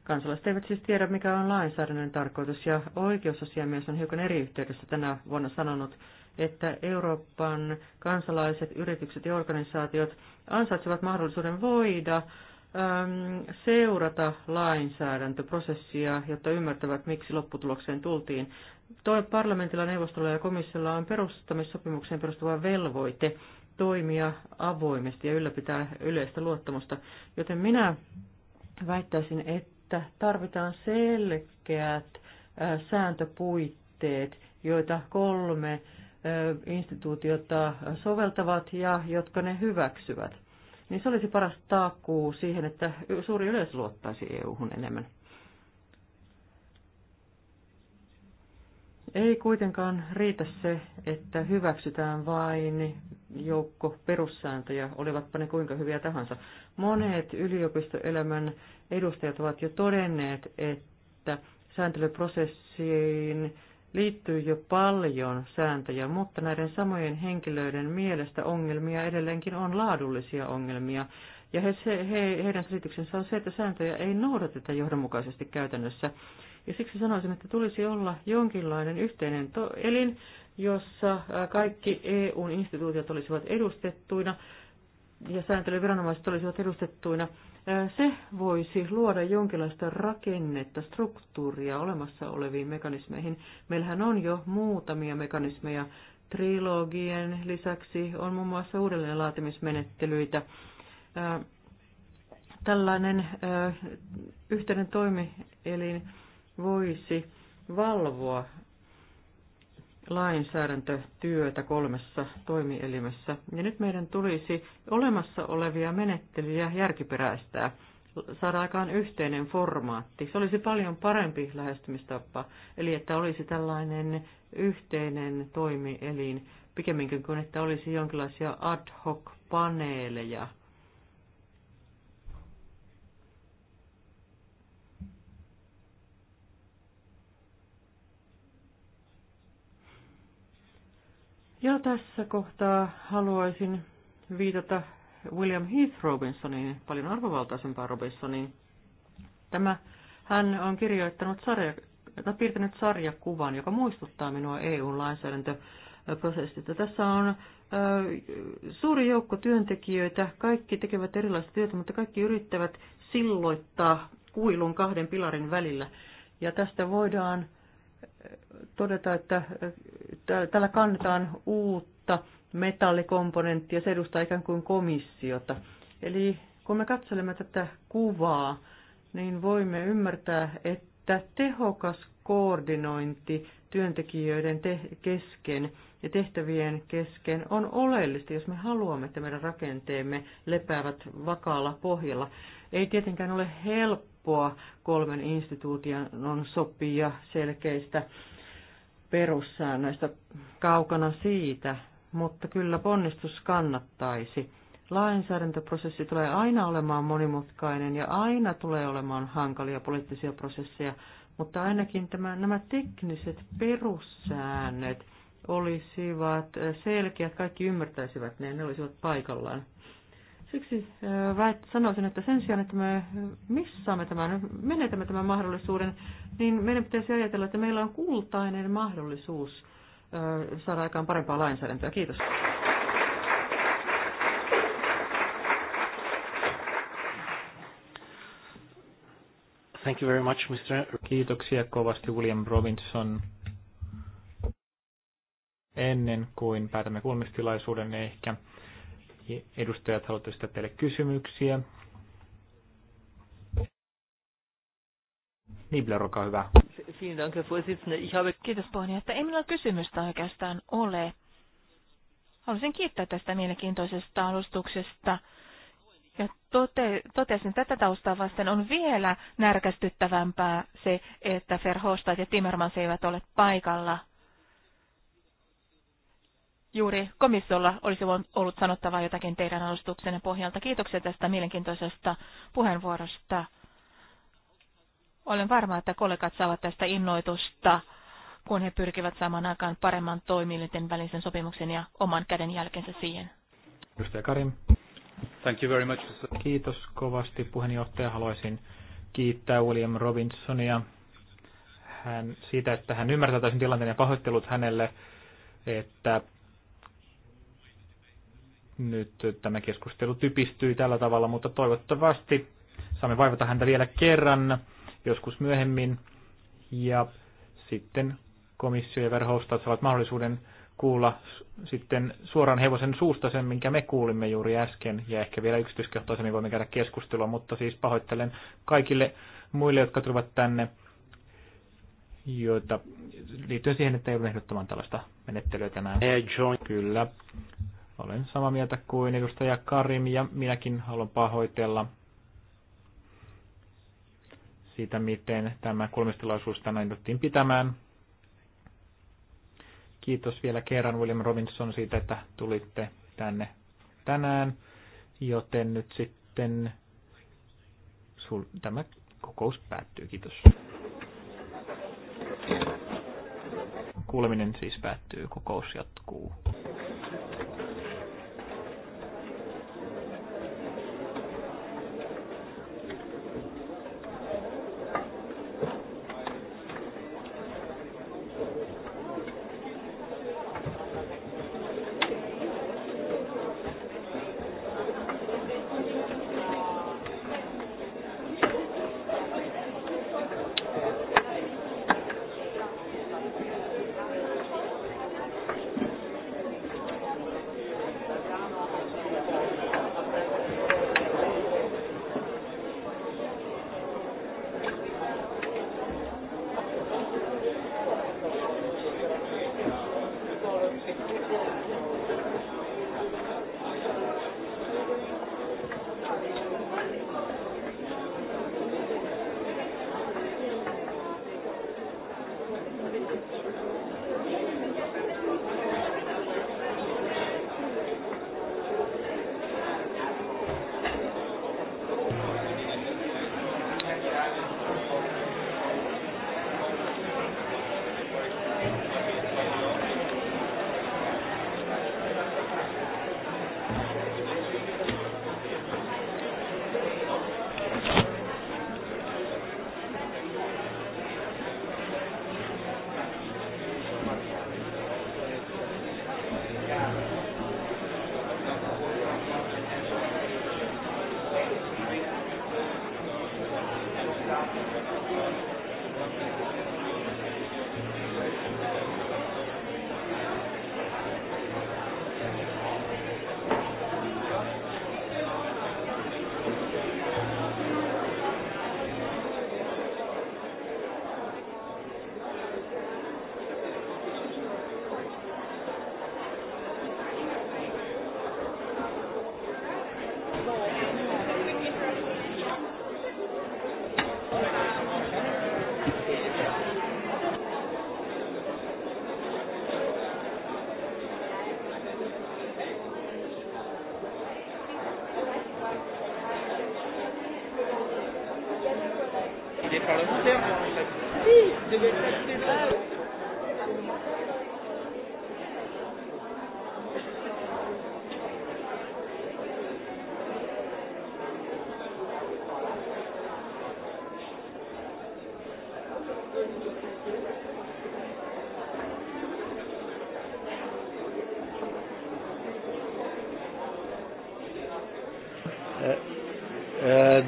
Kansalaiset eivät siis tiedä, mikä on lainsäädännön tarkoitus, ja oikeusasiamies on hiukan eri yhteydessä tänä vuonna sanonut, että Euroopan kansalaiset, yritykset ja organisaatiot ansaitsevat mahdollisuuden voida seurata lainsäädäntöprosessia, jotta ymmärtävät, miksi lopputulokseen tultiin. Toi parlamentilla, neuvostolla ja komissiolla on perustamissopimukseen perustuva velvoite toimia avoimesti ja ylläpitää yleistä luottamusta, joten minä väittäisin, että tarvitaan selkeät sääntöpuitteet, joita kolme instituutiota soveltavat ja jotka ne hyväksyvät niin se olisi paras taakkuu siihen, että suuri yleisö luottaisi EU-hun enemmän. Ei kuitenkaan riitä se, että hyväksytään vain joukko perussääntöjä, olivatpa ne kuinka hyviä tahansa. Monet yliopistoelämän edustajat ovat jo todenneet, että sääntelyprosessiin liittyy jo paljon sääntöjä, mutta näiden samojen henkilöiden mielestä ongelmia edelleenkin on laadullisia ongelmia. Ja he, he, heidän selityksensä on se, että sääntöjä ei noudateta johdonmukaisesti käytännössä. Ja siksi sanoisin, että tulisi olla jonkinlainen yhteinen to- elin, jossa kaikki eu instituutiot olisivat edustettuina ja sääntelyviranomaiset olisivat edustettuina se voisi luoda jonkinlaista rakennetta, struktuuria olemassa oleviin mekanismeihin. Meillähän on jo muutamia mekanismeja. Trilogien lisäksi on muun muassa uudelleenlaatimismenettelyitä. Tällainen yhteinen toimielin voisi valvoa lainsäädäntötyötä kolmessa toimielimessä. Ja nyt meidän tulisi olemassa olevia menettelyjä järkiperäistää, saada aikaan yhteinen formaatti. Se olisi paljon parempi lähestymistapa, eli että olisi tällainen yhteinen toimielin, pikemminkin kuin että olisi jonkinlaisia ad hoc paneeleja – Ja tässä kohtaa haluaisin viitata William Heath Robinsoniin, paljon arvovaltaisempaa Robinsonin. Tämä, hän on kirjoittanut sarja, tai piirtänyt sarjakuvan, joka muistuttaa minua EU-lainsäädäntöprosessista. Tässä on ö, suuri joukko työntekijöitä, kaikki tekevät erilaista työtä, mutta kaikki yrittävät silloittaa kuilun kahden pilarin välillä. Ja tästä voidaan todeta, että tällä kannetaan uutta metallikomponenttia, se edustaa ikään kuin komissiota. Eli kun me katselemme tätä kuvaa, niin voimme ymmärtää, että että tehokas koordinointi työntekijöiden te- kesken ja tehtävien kesken on oleellista, jos me haluamme, että meidän rakenteemme lepäävät vakaalla pohjalla. Ei tietenkään ole helppoa kolmen instituution on sopia selkeistä perussäännöistä kaukana siitä, mutta kyllä ponnistus kannattaisi lainsäädäntöprosessi tulee aina olemaan monimutkainen ja aina tulee olemaan hankalia poliittisia prosesseja, mutta ainakin tämä, nämä tekniset perussäännöt olisivat selkeät, kaikki ymmärtäisivät ne, ne olisivat paikallaan. Siksi väit, sanoisin, että sen sijaan, että me missaamme tämän, menetämme tämän mahdollisuuden, niin meidän pitäisi ajatella, että meillä on kultainen mahdollisuus saada aikaan parempaa lainsäädäntöä. Kiitos. Thank you very much, Mr. Kiitoksia kovasti William Robinson. Ennen kuin päätämme kuulemistilaisuuden, ehkä edustajat haluavat esittää teille kysymyksiä. Nibler, olkaa hyvä. Kiitos puheenjohtaja. Ei minulla kysymystä oikeastaan ole. Haluaisin kiittää tästä mielenkiintoisesta alustuksesta. Ja tote, totesin tätä taustaa vasten on vielä närkästyttävämpää se, että Verhofstadt ja Timmermans eivät ole paikalla. Juuri komissiolla olisi ollut sanottavaa jotakin teidän alustuksenne pohjalta. Kiitoksia tästä mielenkiintoisesta puheenvuorosta. Olen varma, että kollegat saavat tästä innoitusta, kun he pyrkivät saamaan aikaan paremman toimielinten välisen sopimuksen ja oman käden jälkensä siihen. Edustaja Karim. Thank you very much. Kiitos kovasti puheenjohtaja. Haluaisin kiittää William Robinsonia hän, siitä, että hän ymmärtää täysin tilanteen ja pahoittelut hänelle, että nyt tämä keskustelu typistyy tällä tavalla, mutta toivottavasti saamme vaivata häntä vielä kerran joskus myöhemmin. Ja sitten komissio ja verhoustat saavat mahdollisuuden kuulla sitten suoraan hevosen suusta sen, minkä me kuulimme juuri äsken, ja ehkä vielä yksityiskohtaisemmin voimme käydä keskustelua, mutta siis pahoittelen kaikille muille, jotka tulivat tänne, joita liittyen siihen, että joudun ehdottamaan tällaista menettelyä tänään. Kyllä, olen samaa mieltä kuin edustaja Karim, ja minäkin haluan pahoitella siitä, miten tämä kolmistilaisuus tänään jouduttiin pitämään. Kiitos vielä kerran William Robinson siitä, että tulitte tänne tänään, joten nyt sitten sul- tämä kokous päättyy. Kiitos. Kuuleminen siis päättyy, kokous jatkuu.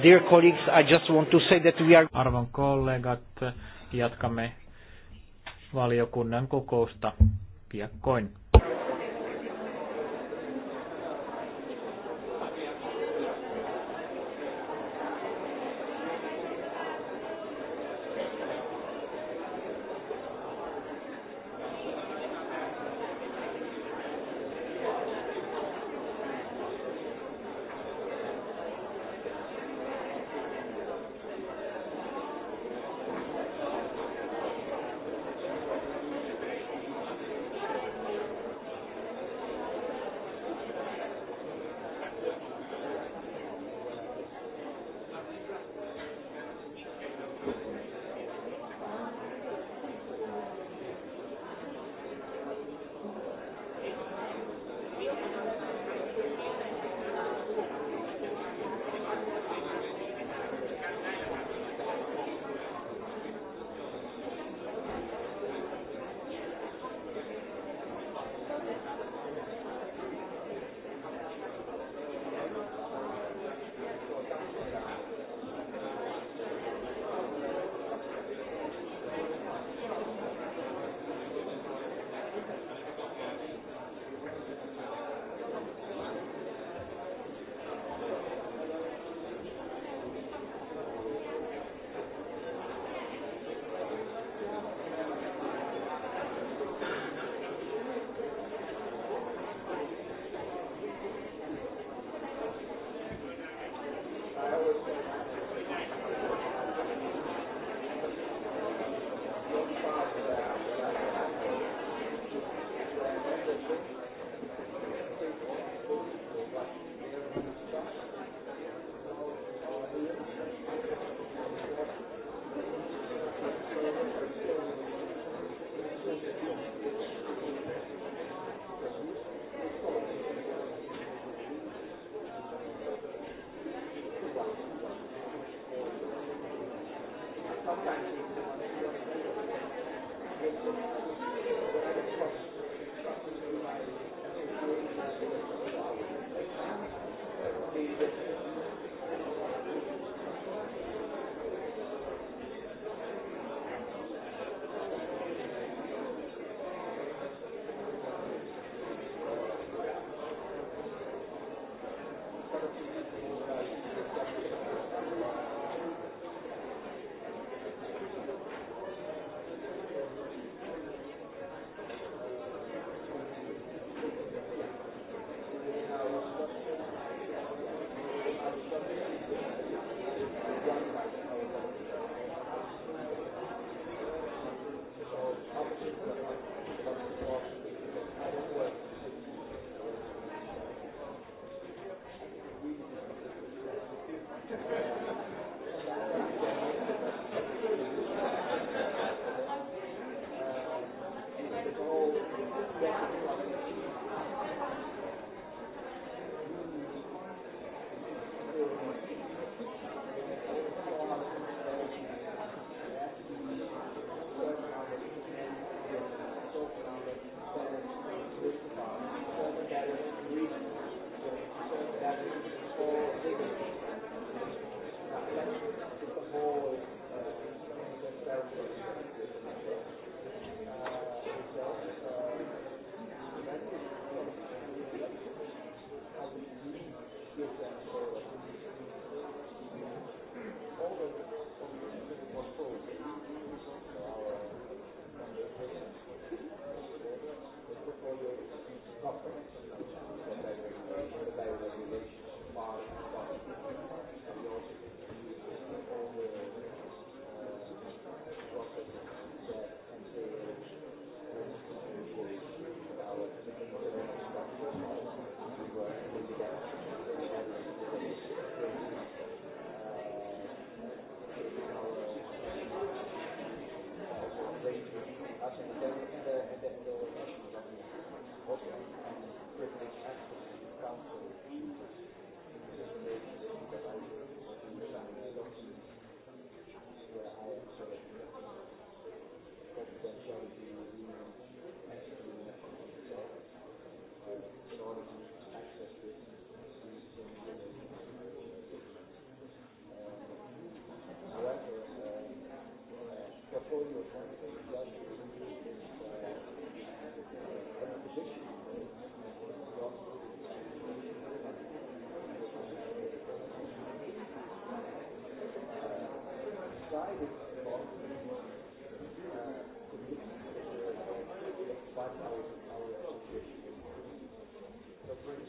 Dear colleagues, I just want to say that we are... Arvon kollegat, jatkamme valiokunnan kokousta piakkoin. Thank you.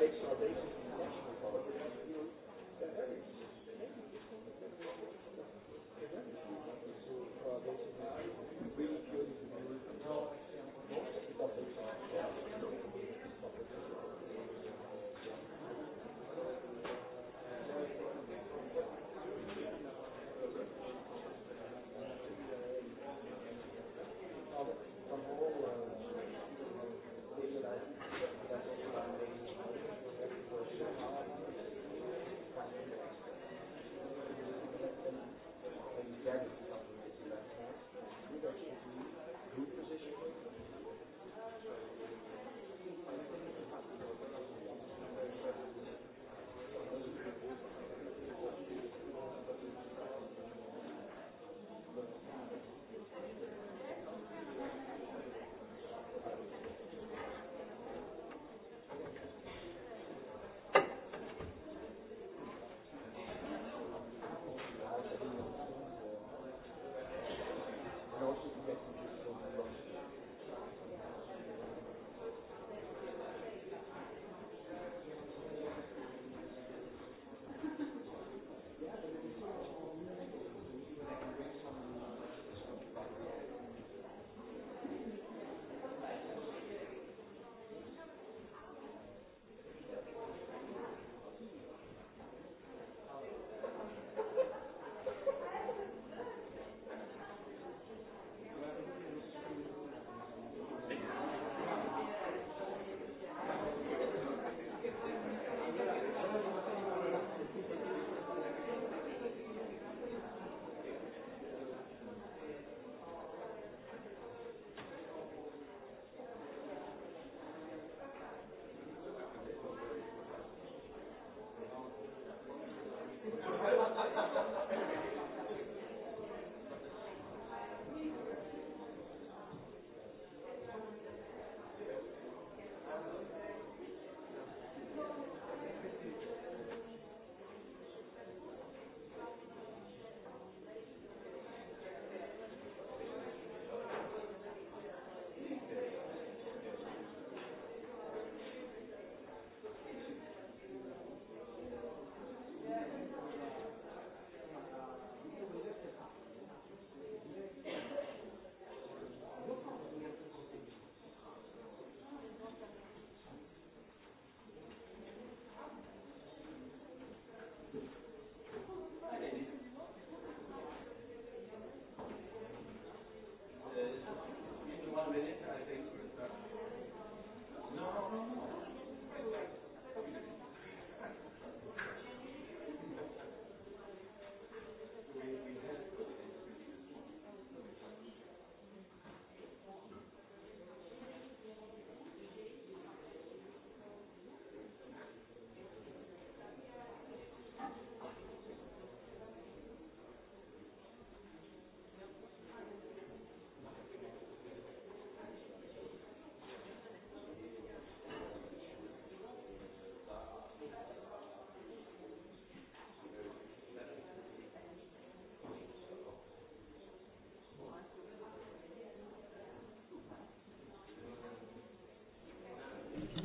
take salvation.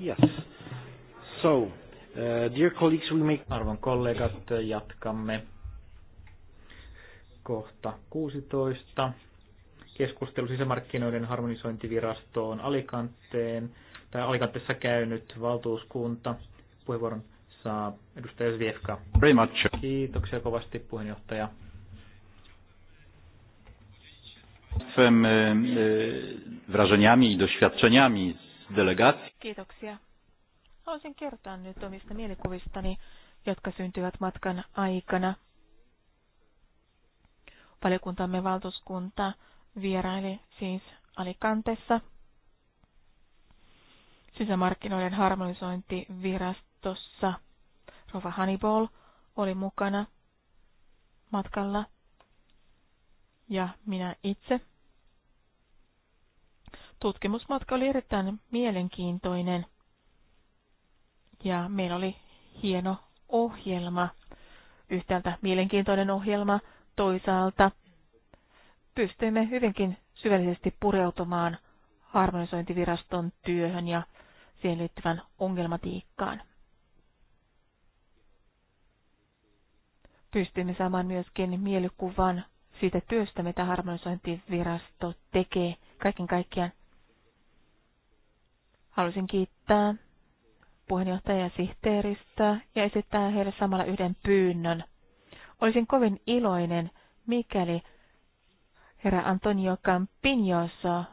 Yes. So, uh, dear colleagues, we make... Arvon kollegat, jatkamme kohta 16. Keskustelu sisämarkkinoiden harmonisointivirastoon Alikanteen, tai Alikanteessa käynyt valtuuskunta. Puheenvuoron saa edustaja Zviefka. Very much. Kiitoksia kovasti puheenjohtaja. E, e, wrażeniami i doświadczeniami Delegaatti. Kiitoksia. Haluaisin kertoa nyt omista mielikuvistani, jotka syntyvät matkan aikana. Valiokuntamme valtuuskunta vieraili siis Alicantessa sisämarkkinoiden harmonisointivirastossa. Rova Hannibal oli mukana matkalla ja minä itse tutkimusmatka oli erittäin mielenkiintoinen ja meillä oli hieno ohjelma. Yhtäältä mielenkiintoinen ohjelma, toisaalta pystyimme hyvinkin syvällisesti pureutumaan harmonisointiviraston työhön ja siihen liittyvän ongelmatiikkaan. Pystymme saamaan myöskin mielikuvan siitä työstä, mitä harmonisointivirasto tekee kaiken kaikkiaan. Haluaisin kiittää puheenjohtajia ja sihteeristä ja esittää heille samalla yhden pyynnön. Olisin kovin iloinen, mikäli herra Antonio Campinjoso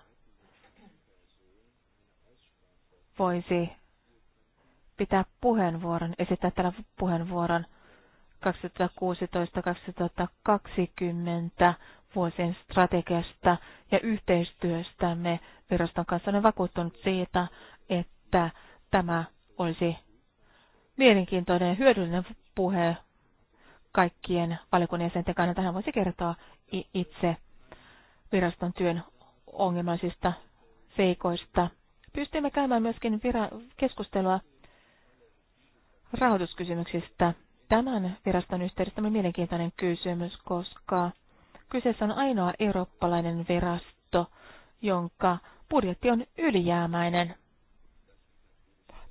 voisi pitää puheenvuoron, esittää tällä puheenvuoron 2016-2020 vuosien strategiasta ja yhteistyöstämme viraston kanssa. Olen vakuuttunut siitä, että tämä olisi mielenkiintoinen ja hyödyllinen puhe kaikkien valiokunnan jäsenten kannalta. Hän voisi kertoa itse viraston työn ongelmallisista seikoista. Pystymme käymään myöskin keskustelua rahoituskysymyksistä. Tämän viraston yhteydessä on mielenkiintoinen kysymys, koska kyseessä on ainoa eurooppalainen virasto, jonka budjetti on ylijäämäinen.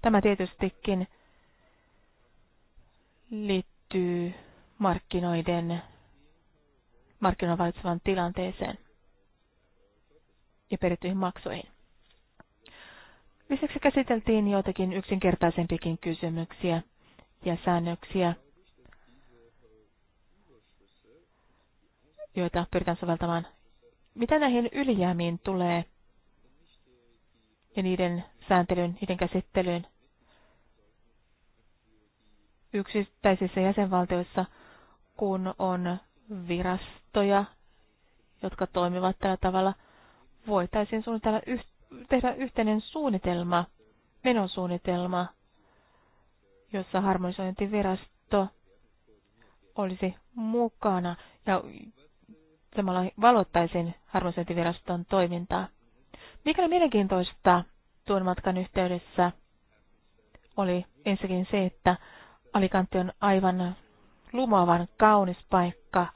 Tämä tietystikin liittyy markkinoiden, markkinoiden tilanteeseen ja perittyihin maksuihin. Lisäksi käsiteltiin joitakin yksinkertaisempikin kysymyksiä ja säännöksiä, joita pyritään soveltamaan. Mitä näihin ylijäämiin tulee, ja niiden sääntelyyn, niiden käsittelyyn. Yksittäisissä jäsenvaltioissa, kun on virastoja, jotka toimivat tällä tavalla, voitaisiin suunnitella yh- tehdä yhteinen suunnitelma, menosuunnitelma, jossa harmonisointivirasto olisi mukana ja samalla valottaisin harmonisointiviraston toimintaa. Mikä oli mielenkiintoista tuon matkan yhteydessä oli ensinnäkin se, että Alicantti on aivan lumoavan kaunis paikka.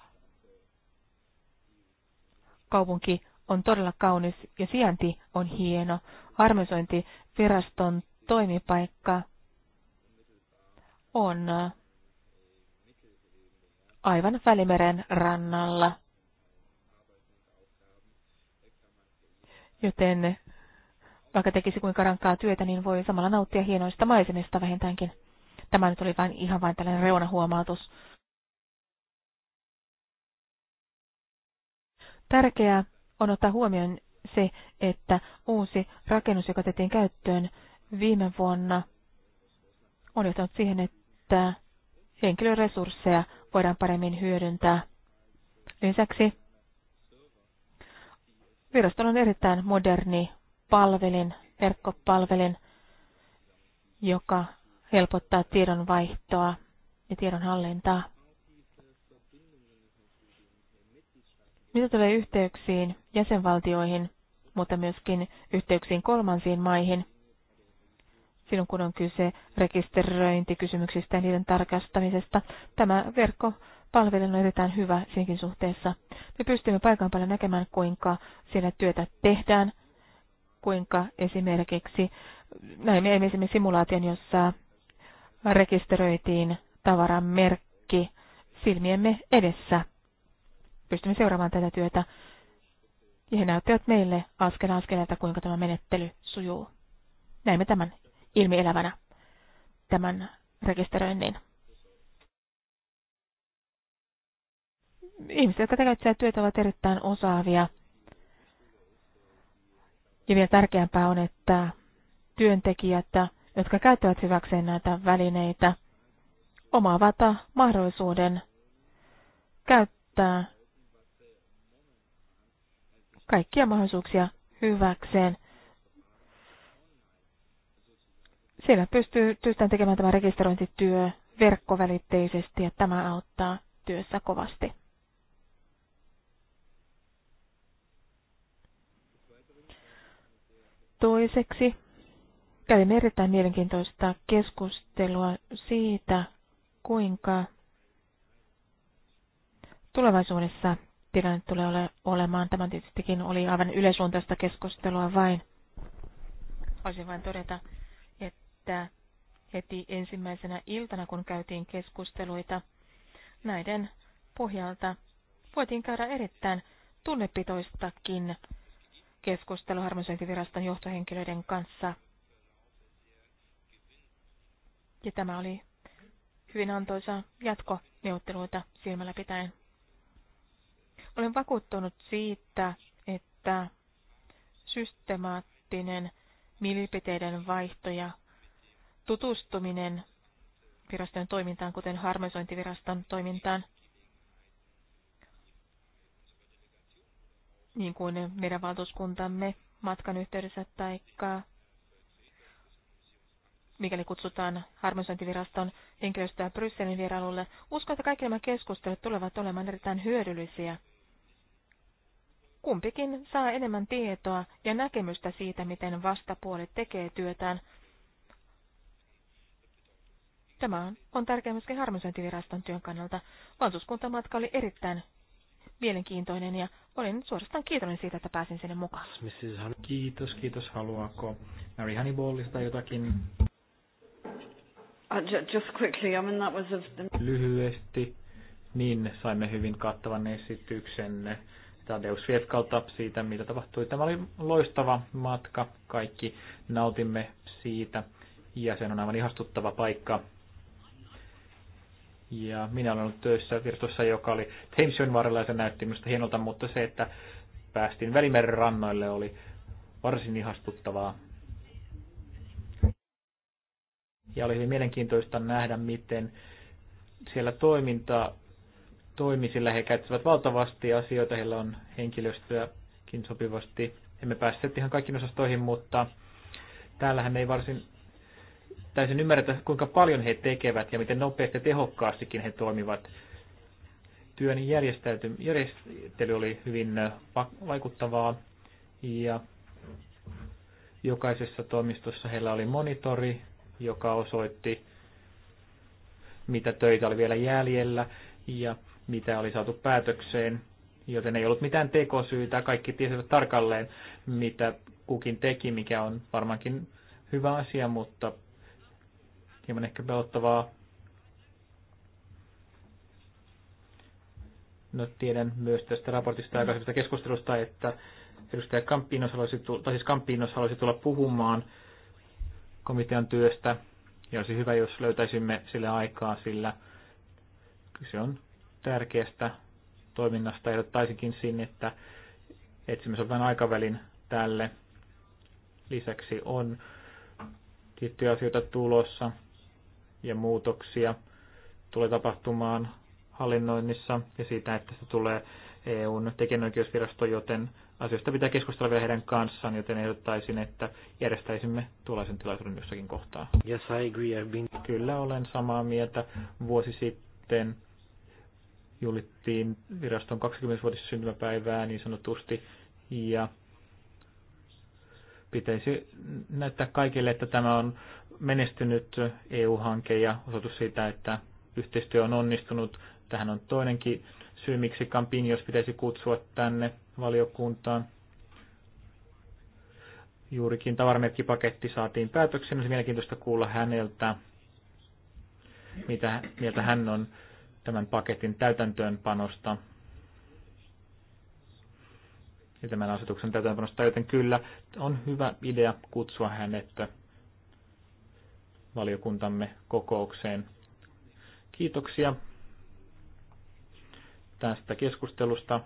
Kaupunki on todella kaunis ja sijainti on hieno. Harmisointiviraston toimipaikka on aivan Välimeren rannalla. Joten vaikka tekisi kuinka rankkaa työtä, niin voi samalla nauttia hienoista maisemista vähintäänkin. Tämä nyt oli vain ihan vain tällainen reunahuomautus. Tärkeää on ottaa huomioon se, että uusi rakennus, joka tehtiin käyttöön viime vuonna, on johtanut siihen, että henkilöresursseja voidaan paremmin hyödyntää. Lisäksi Virasto on erittäin moderni palvelin, verkkopalvelin, joka helpottaa tiedonvaihtoa ja tiedonhallintaa. Mitä tulee yhteyksiin jäsenvaltioihin, mutta myöskin yhteyksiin kolmansiin maihin, silloin kun on kyse rekisteröintikysymyksistä ja niiden tarkastamisesta, tämä verkko palvelin on erittäin hyvä siinäkin suhteessa. Me pystymme paikan päällä näkemään, kuinka siellä työtä tehdään, kuinka esimerkiksi, me esimerkiksi simulaation, jossa rekisteröitiin tavaran merkki silmiemme edessä. Pystymme seuraamaan tätä työtä ja he näyttävät meille askel askeleelta, kuinka tämä menettely sujuu. Näemme tämän ilmielävänä, tämän rekisteröinnin. ihmiset, jotka tekevät työtä, ovat erittäin osaavia. Ja vielä tärkeämpää on, että työntekijät, jotka käyttävät hyväkseen näitä välineitä, omaavat mahdollisuuden käyttää kaikkia mahdollisuuksia hyväkseen. Siellä pystyy, pystytään tekemään tämä rekisteröintityö verkkovälitteisesti ja tämä auttaa työssä kovasti. Toiseksi kävimme erittäin mielenkiintoista keskustelua siitä, kuinka tulevaisuudessa tilanne tulee ole, olemaan. Tämä tietystikin oli aivan yleisluontoista keskustelua vain. Olisin vain todeta, että heti ensimmäisenä iltana, kun käytiin keskusteluita, näiden pohjalta voitiin käydä erittäin tunnepitoistakin keskustelu harmonisointiviraston johtohenkilöiden kanssa. Ja tämä oli hyvin antoisa jatko neuvotteluita silmällä pitäen. Olen vakuuttunut siitä, että systemaattinen mielipiteiden vaihto ja tutustuminen virastojen toimintaan, kuten harmonisointiviraston toimintaan, niin kuin meidän valtuuskuntamme matkan yhteydessä tai mikäli kutsutaan harmonisointiviraston henkilöstöä Brysselin vierailulle. Uskon, että kaikki nämä keskustelut tulevat olemaan erittäin hyödyllisiä. Kumpikin saa enemmän tietoa ja näkemystä siitä, miten vastapuoli tekee työtään. Tämä on tärkeä myöskin harmonisointiviraston työn kannalta. Valtuuskuntamatka oli erittäin mielenkiintoinen ja olin suorastaan kiitollinen siitä, että pääsin sinne mukaan. Mrs. kiitos, kiitos. Haluaako Mary Honeyballista jotakin? Uh, just quickly, I mean that was the... Lyhyesti, niin saimme hyvin kattavan esityksen Tadeusz Viefkalta siitä, mitä tapahtui. Tämä oli loistava matka, kaikki nautimme siitä ja sen on aivan ihastuttava paikka ja minä olen ollut töissä virtuossa, joka oli Thamesjoen varrella ja se näytti minusta hienolta, mutta se, että päästiin Välimeren rannoille oli varsin ihastuttavaa. Ja oli hyvin mielenkiintoista nähdä, miten siellä toiminta toimi, sillä he käyttävät valtavasti asioita, heillä on henkilöstöäkin sopivasti. Emme päässeet ihan kaikkiin osastoihin, mutta täällähän ei varsin täysin ymmärretä, kuinka paljon he tekevät ja miten nopeasti ja tehokkaastikin he toimivat. Työn järjestely oli hyvin vaikuttavaa ja jokaisessa toimistossa heillä oli monitori, joka osoitti, mitä töitä oli vielä jäljellä ja mitä oli saatu päätökseen, joten ei ollut mitään tekosyytä. Kaikki tiesivät tarkalleen, mitä kukin teki, mikä on varmaankin hyvä asia, mutta hieman ehkä pelottavaa. No tiedän myös tästä raportista ja keskustelusta, että edustaja Kampiinos haluaisi, tulla, siis Kampiinos haluaisi tulla puhumaan komitean työstä. Ja olisi hyvä, jos löytäisimme sille aikaa, sillä kyse on tärkeästä toiminnasta. Ehdottaisinkin sinne, että etsimme sopivan aikavälin tälle. Lisäksi on tiettyjä asioita tulossa ja muutoksia tulee tapahtumaan hallinnoinnissa ja siitä, että se tulee EUn tekijänoikeusvirasto, joten asioista pitää keskustella vielä heidän kanssaan, joten ehdottaisin, että järjestäisimme tuollaisen tilaisuuden jossakin kohtaa. Yes, I agree. I've been... Kyllä olen samaa mieltä. Vuosi sitten julittiin viraston 20 syntymäpäivää niin sanotusti, ja pitäisi näyttää kaikille, että tämä on menestynyt EU-hanke ja osoitus siitä, että yhteistyö on onnistunut. Tähän on toinenkin syy, miksi Campinios pitäisi kutsua tänne valiokuntaan. Juurikin tavaramerkkipaketti saatiin päätöksen. Olisi mielenkiintoista kuulla häneltä, mitä mieltä hän on tämän paketin täytäntöönpanosta ja tämän asetuksen täytäntöönpanosta, joten kyllä on hyvä idea kutsua hänet valiokuntamme kokoukseen. Kiitoksia tästä keskustelusta.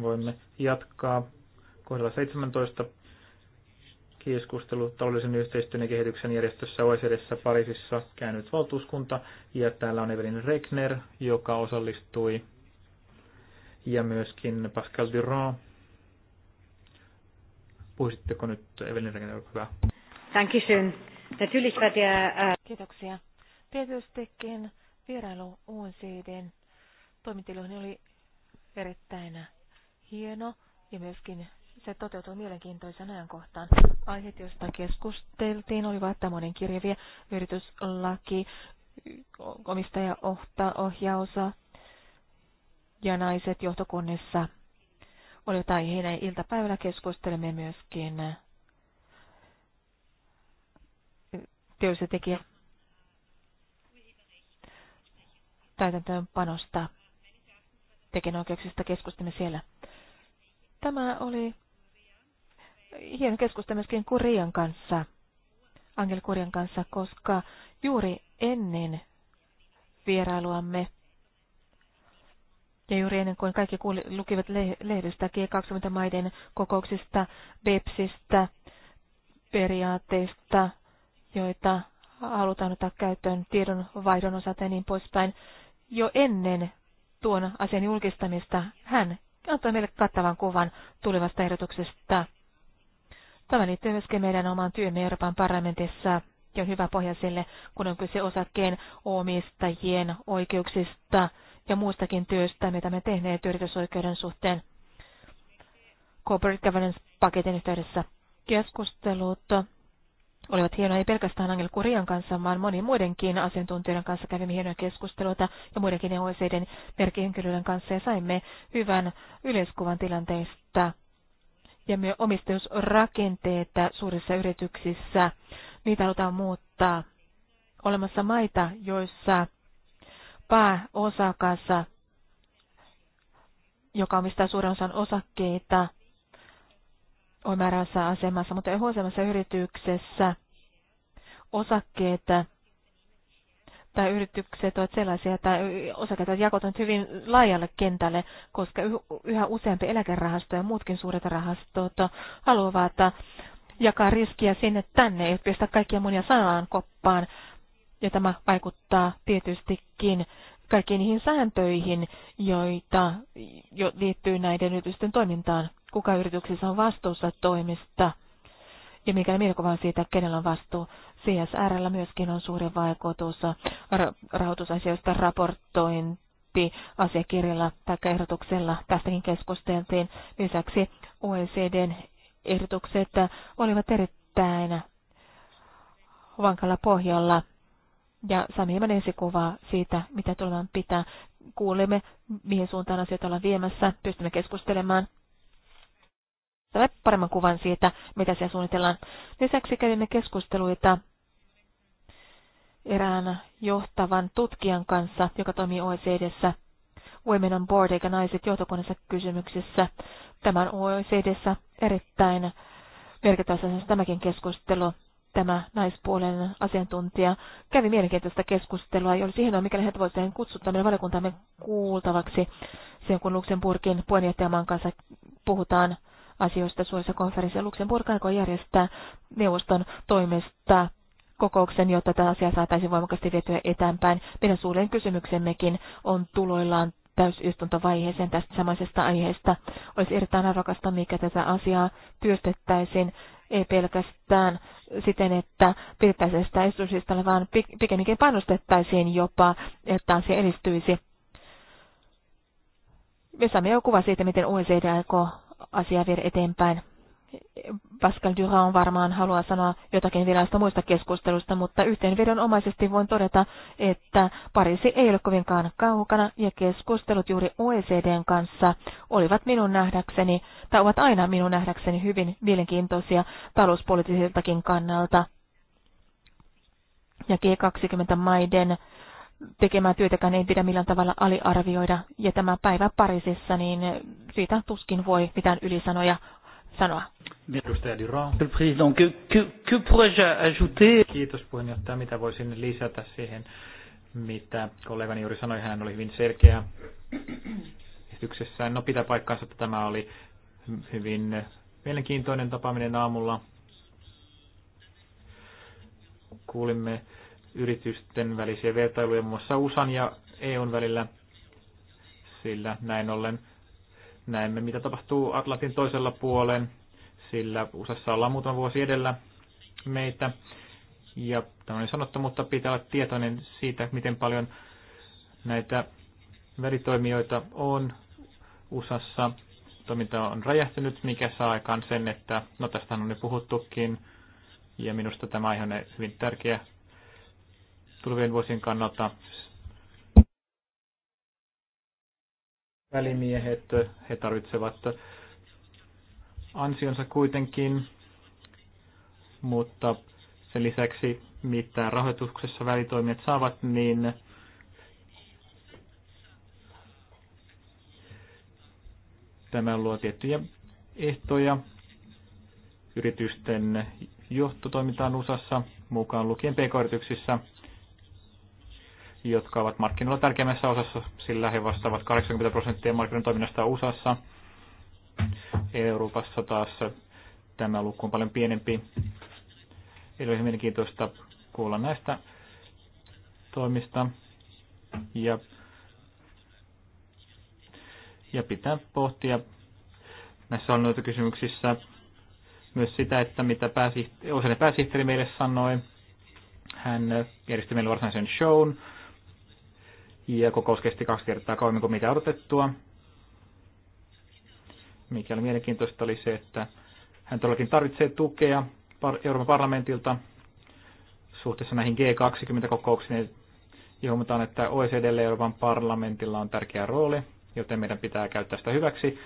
Voimme jatkaa kohdalla 17 keskustelu taloudellisen yhteistyön ja kehityksen järjestössä OECDssä Pariisissa käynyt valtuuskunta. Ja täällä on Evelin Regner, joka osallistui ja myöskin Pascal Durand. Puhuisitteko nyt Evelin Regne, olkaa hyvä. Dankeschön. Natürlich war der, äh, Kiitoksia. Tietystikin vierailu UNCDn toimintiloihin oli erittäin hieno ja myöskin se toteutui mielenkiintoisen ajankohtaan. Aiheet, joista keskusteltiin, olivat tämmöinen kirjavia yrityslaki, omistajaohjaus, ja naiset johtokunnissa olivat aiheena iltapäivällä keskustelemme myöskin teollisuustekijä täytäntöönpanosta tekijänoikeuksista keskustelemme siellä. Tämä oli hieno keskustelu myöskin Kurian kanssa, Angel Kurian kanssa, koska juuri ennen vierailuamme ja juuri ennen kuin kaikki kuuli, lukivat lehdistä G20-maiden kokouksista, BEPSistä, periaatteista, joita halutaan ottaa käyttöön tiedonvaihdon osalta ja niin poispäin. Jo ennen tuon asian julkistamista hän antoi meille kattavan kuvan tulevasta ehdotuksesta. Tämä liittyy myöskin meidän omaan työmme Euroopan parlamentissa ja on hyvä pohja sille, kun on kyse osakkeen omistajien oikeuksista ja muustakin työstä, mitä me tehneet yritysoikeuden suhteen corporate governance-paketin yhteydessä. Keskustelut olivat hienoja ei pelkästään Angel Kurian kanssa, vaan moni muidenkin asiantuntijoiden kanssa kävimme hienoja keskusteluita ja muidenkin OECDn merkihenkilöiden kanssa ja saimme hyvän yleiskuvan tilanteesta ja myös omistajuusrakenteita suurissa yrityksissä. Niitä halutaan muuttaa. Olemassa maita, joissa pääosakassa, joka omistaa suuren osan osakkeita, on määrässä asemassa, mutta yhdessä yrityksessä osakkeita, tai yritykset ovat sellaisia, että osakkeet ovat jakautuneet hyvin laajalle kentälle, koska yhä useampi eläkerahasto ja muutkin suuret rahastot haluavat jakaa riskiä sinne tänne, ei pistä kaikkia monia sanaan koppaan, ja tämä vaikuttaa tietystikin kaikkiin niihin sääntöihin, joita jo liittyy näiden yritysten toimintaan. Kuka yrityksessä on vastuussa toimista ja mikä mielikuva siitä, kenellä on vastuu. CSRllä myöskin on suuri vaikutus rahoitusasioista raportointi asiakirjalla tai ehdotuksella. Tästäkin keskusteltiin. Lisäksi OECDn ehdotukset olivat erittäin vankalla pohjalla ja saamme hieman ensikuvaa siitä, mitä tullaan pitää. Kuulemme, mihin suuntaan asioita ollaan viemässä, pystymme keskustelemaan. Saamme paremman kuvan siitä, mitä siellä suunnitellaan. Lisäksi kävimme keskusteluita erään johtavan tutkijan kanssa, joka toimii OECDssä Women on Board eikä naiset johtokunnassa kysymyksissä. Tämän OECDssä erittäin merkittävässä tämäkin keskustelu tämä naispuolen asiantuntija kävi mielenkiintoista keskustelua ja olisi hienoa, mikäli heitä voisi kutsuttaa meidän valiokuntamme kuultavaksi sen kun Luxemburgin puheenjohtajamaan kanssa puhutaan asioista suorissa konferenssissa. Luxemburg aikoo järjestää neuvoston toimesta kokouksen, jotta tätä asiaa saataisiin voimakkaasti vietyä eteenpäin. Meidän suurin kysymyksemmekin on tuloillaan täysistuntovaiheeseen tästä samaisesta aiheesta. Olisi erittäin arvokasta, mikä tätä asiaa työstettäisiin ei pelkästään siten, että pidettäisiin sitä esityslistalla, vaan pikemminkin painostettaisiin jopa, että asia edistyisi. Me saamme jo kuva siitä, miten OECD aikoo asiaa viedä eteenpäin. Pascal on varmaan haluaa sanoa jotakin vielä muista keskustelusta, mutta yhteenvedonomaisesti voin todeta, että Pariisi ei ole kovinkaan kaukana ja keskustelut juuri OECDn kanssa olivat minun nähdäkseni, tai ovat aina minun nähdäkseni hyvin mielenkiintoisia talouspoliittisiltakin kannalta. Ja G20-maiden tekemää työtäkään ei pidä millään tavalla aliarvioida. Ja tämä päivä Pariisissa, niin siitä tuskin voi mitään ylisanoja sanoa. Kiitos puheenjohtaja. Mitä voisin lisätä siihen, mitä kollegani juuri sanoi. Hän oli hyvin selkeä esityksessään. No pitää paikkaansa, että tämä oli hyvin mielenkiintoinen tapaaminen aamulla. Kuulimme yritysten välisiä vertailuja muun muassa USAn ja EUn välillä, sillä näin ollen Näemme, mitä tapahtuu Atlantin toisella puolen, sillä USAssa ollaan muutama vuosi edellä meitä. Ja tämä on sanottu, mutta pitää olla tietoinen siitä, miten paljon näitä välitoimijoita on USAssa. Toiminta on räjähtynyt, mikä saa aikaan sen, että, no tästä on nyt puhuttukin, ja minusta tämä aihe on hyvin tärkeä tulevien vuosien kannalta. välimiehet, he tarvitsevat ansionsa kuitenkin, mutta sen lisäksi mitä rahoituksessa välitoimijat saavat, niin tämä luo tiettyjä ehtoja yritysten johtotoimintaan USAssa, mukaan lukien pk-yrityksissä, jotka ovat markkinoilla tärkeimmässä osassa, sillä he vastaavat 80 prosenttia markkinoiden toiminnasta USAssa. Euroopassa taas tämä luku on paljon pienempi. Eli olisi mielenkiintoista kuulla näistä toimista. Ja, ja pitää pohtia näissä on noita kysymyksissä myös sitä, että mitä pääsihteeri, pääsihteeri meille sanoi. Hän järjesti meille varsinaisen shown, ja kokous kesti kaksi kertaa kauemmin kuin mitä odotettua. Mikä oli mielenkiintoista oli se, että hän todellakin tarvitsee tukea Euroopan parlamentilta suhteessa näihin G20-kokouksiin, ja huomataan, että OECDlle Euroopan parlamentilla on tärkeä rooli, joten meidän pitää käyttää sitä hyväksi.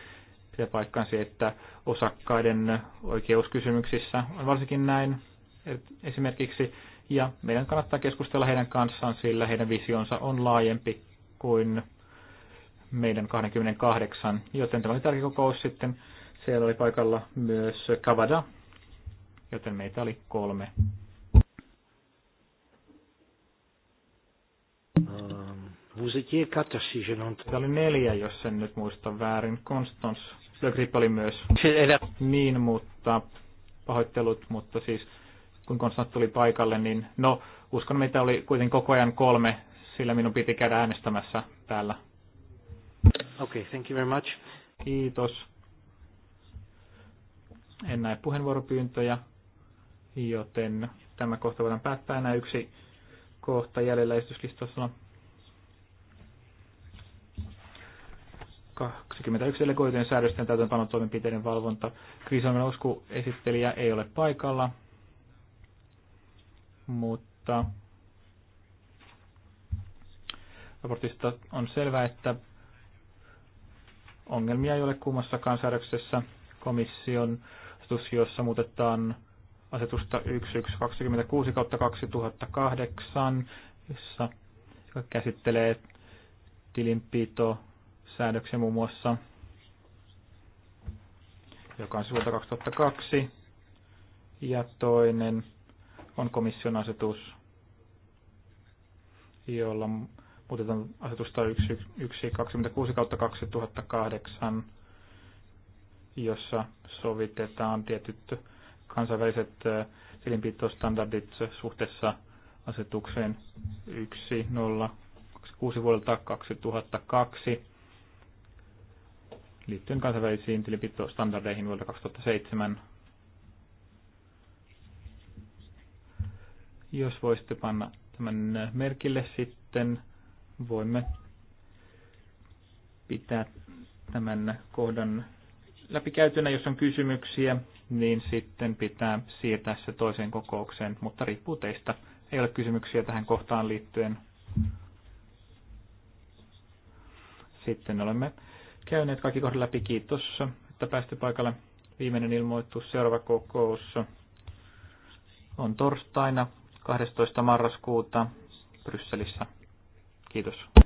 Pitää se, että osakkaiden oikeuskysymyksissä on varsinkin näin. Esimerkiksi ja meidän kannattaa keskustella heidän kanssaan, sillä heidän visionsa on laajempi kuin meidän 28. Joten tämä oli tärkeä kokous sitten. Siellä oli paikalla myös Kavada, joten meitä oli kolme. Vous ähm, Täällä oli neljä, jos en nyt muista väärin. Constance Le Grip oli myös. Niin, mutta pahoittelut, mutta siis kun Konstant tuli paikalle, niin no, uskon mitä oli kuitenkin koko ajan kolme, sillä minun piti käydä äänestämässä täällä. Okay, thank you very much. Kiitos. En näe puheenvuoropyyntöjä, joten tämä kohta voidaan päättää enää yksi kohta jäljellä esityslistossa. 21 delegoitujen säädösten täytäntöönpanon toimenpiteiden valvonta. Kriisoimen osku esittelijä ei ole paikalla mutta raportista on selvää, että ongelmia ei ole kummassakaan säädöksessä komission asetus, jossa muutetaan asetusta 1126 kautta 2008, jossa käsittelee tilinpitosäädöksiä muun muassa, joka on siis vuodelta 2002, ja toinen on komission asetus, jolla muutetaan asetusta 126 kautta 2008, jossa sovitetaan tietyt kansainväliset tilinpitostandardit suhteessa asetukseen 1026 vuodelta 2002 liittyen kansainvälisiin tilinpitostandardeihin vuodelta 2007 Jos voisitte panna tämän merkille sitten, voimme pitää tämän kohdan läpikäytynä. Jos on kysymyksiä, niin sitten pitää siirtää se toiseen kokoukseen, mutta riippuu teistä. Ei ole kysymyksiä tähän kohtaan liittyen. Sitten olemme käyneet kaikki kohdat läpi. Kiitos, että pääsitte paikalle. Viimeinen ilmoitus, seuraava kokous on torstaina 12. marraskuuta Brysselissä. Kiitos.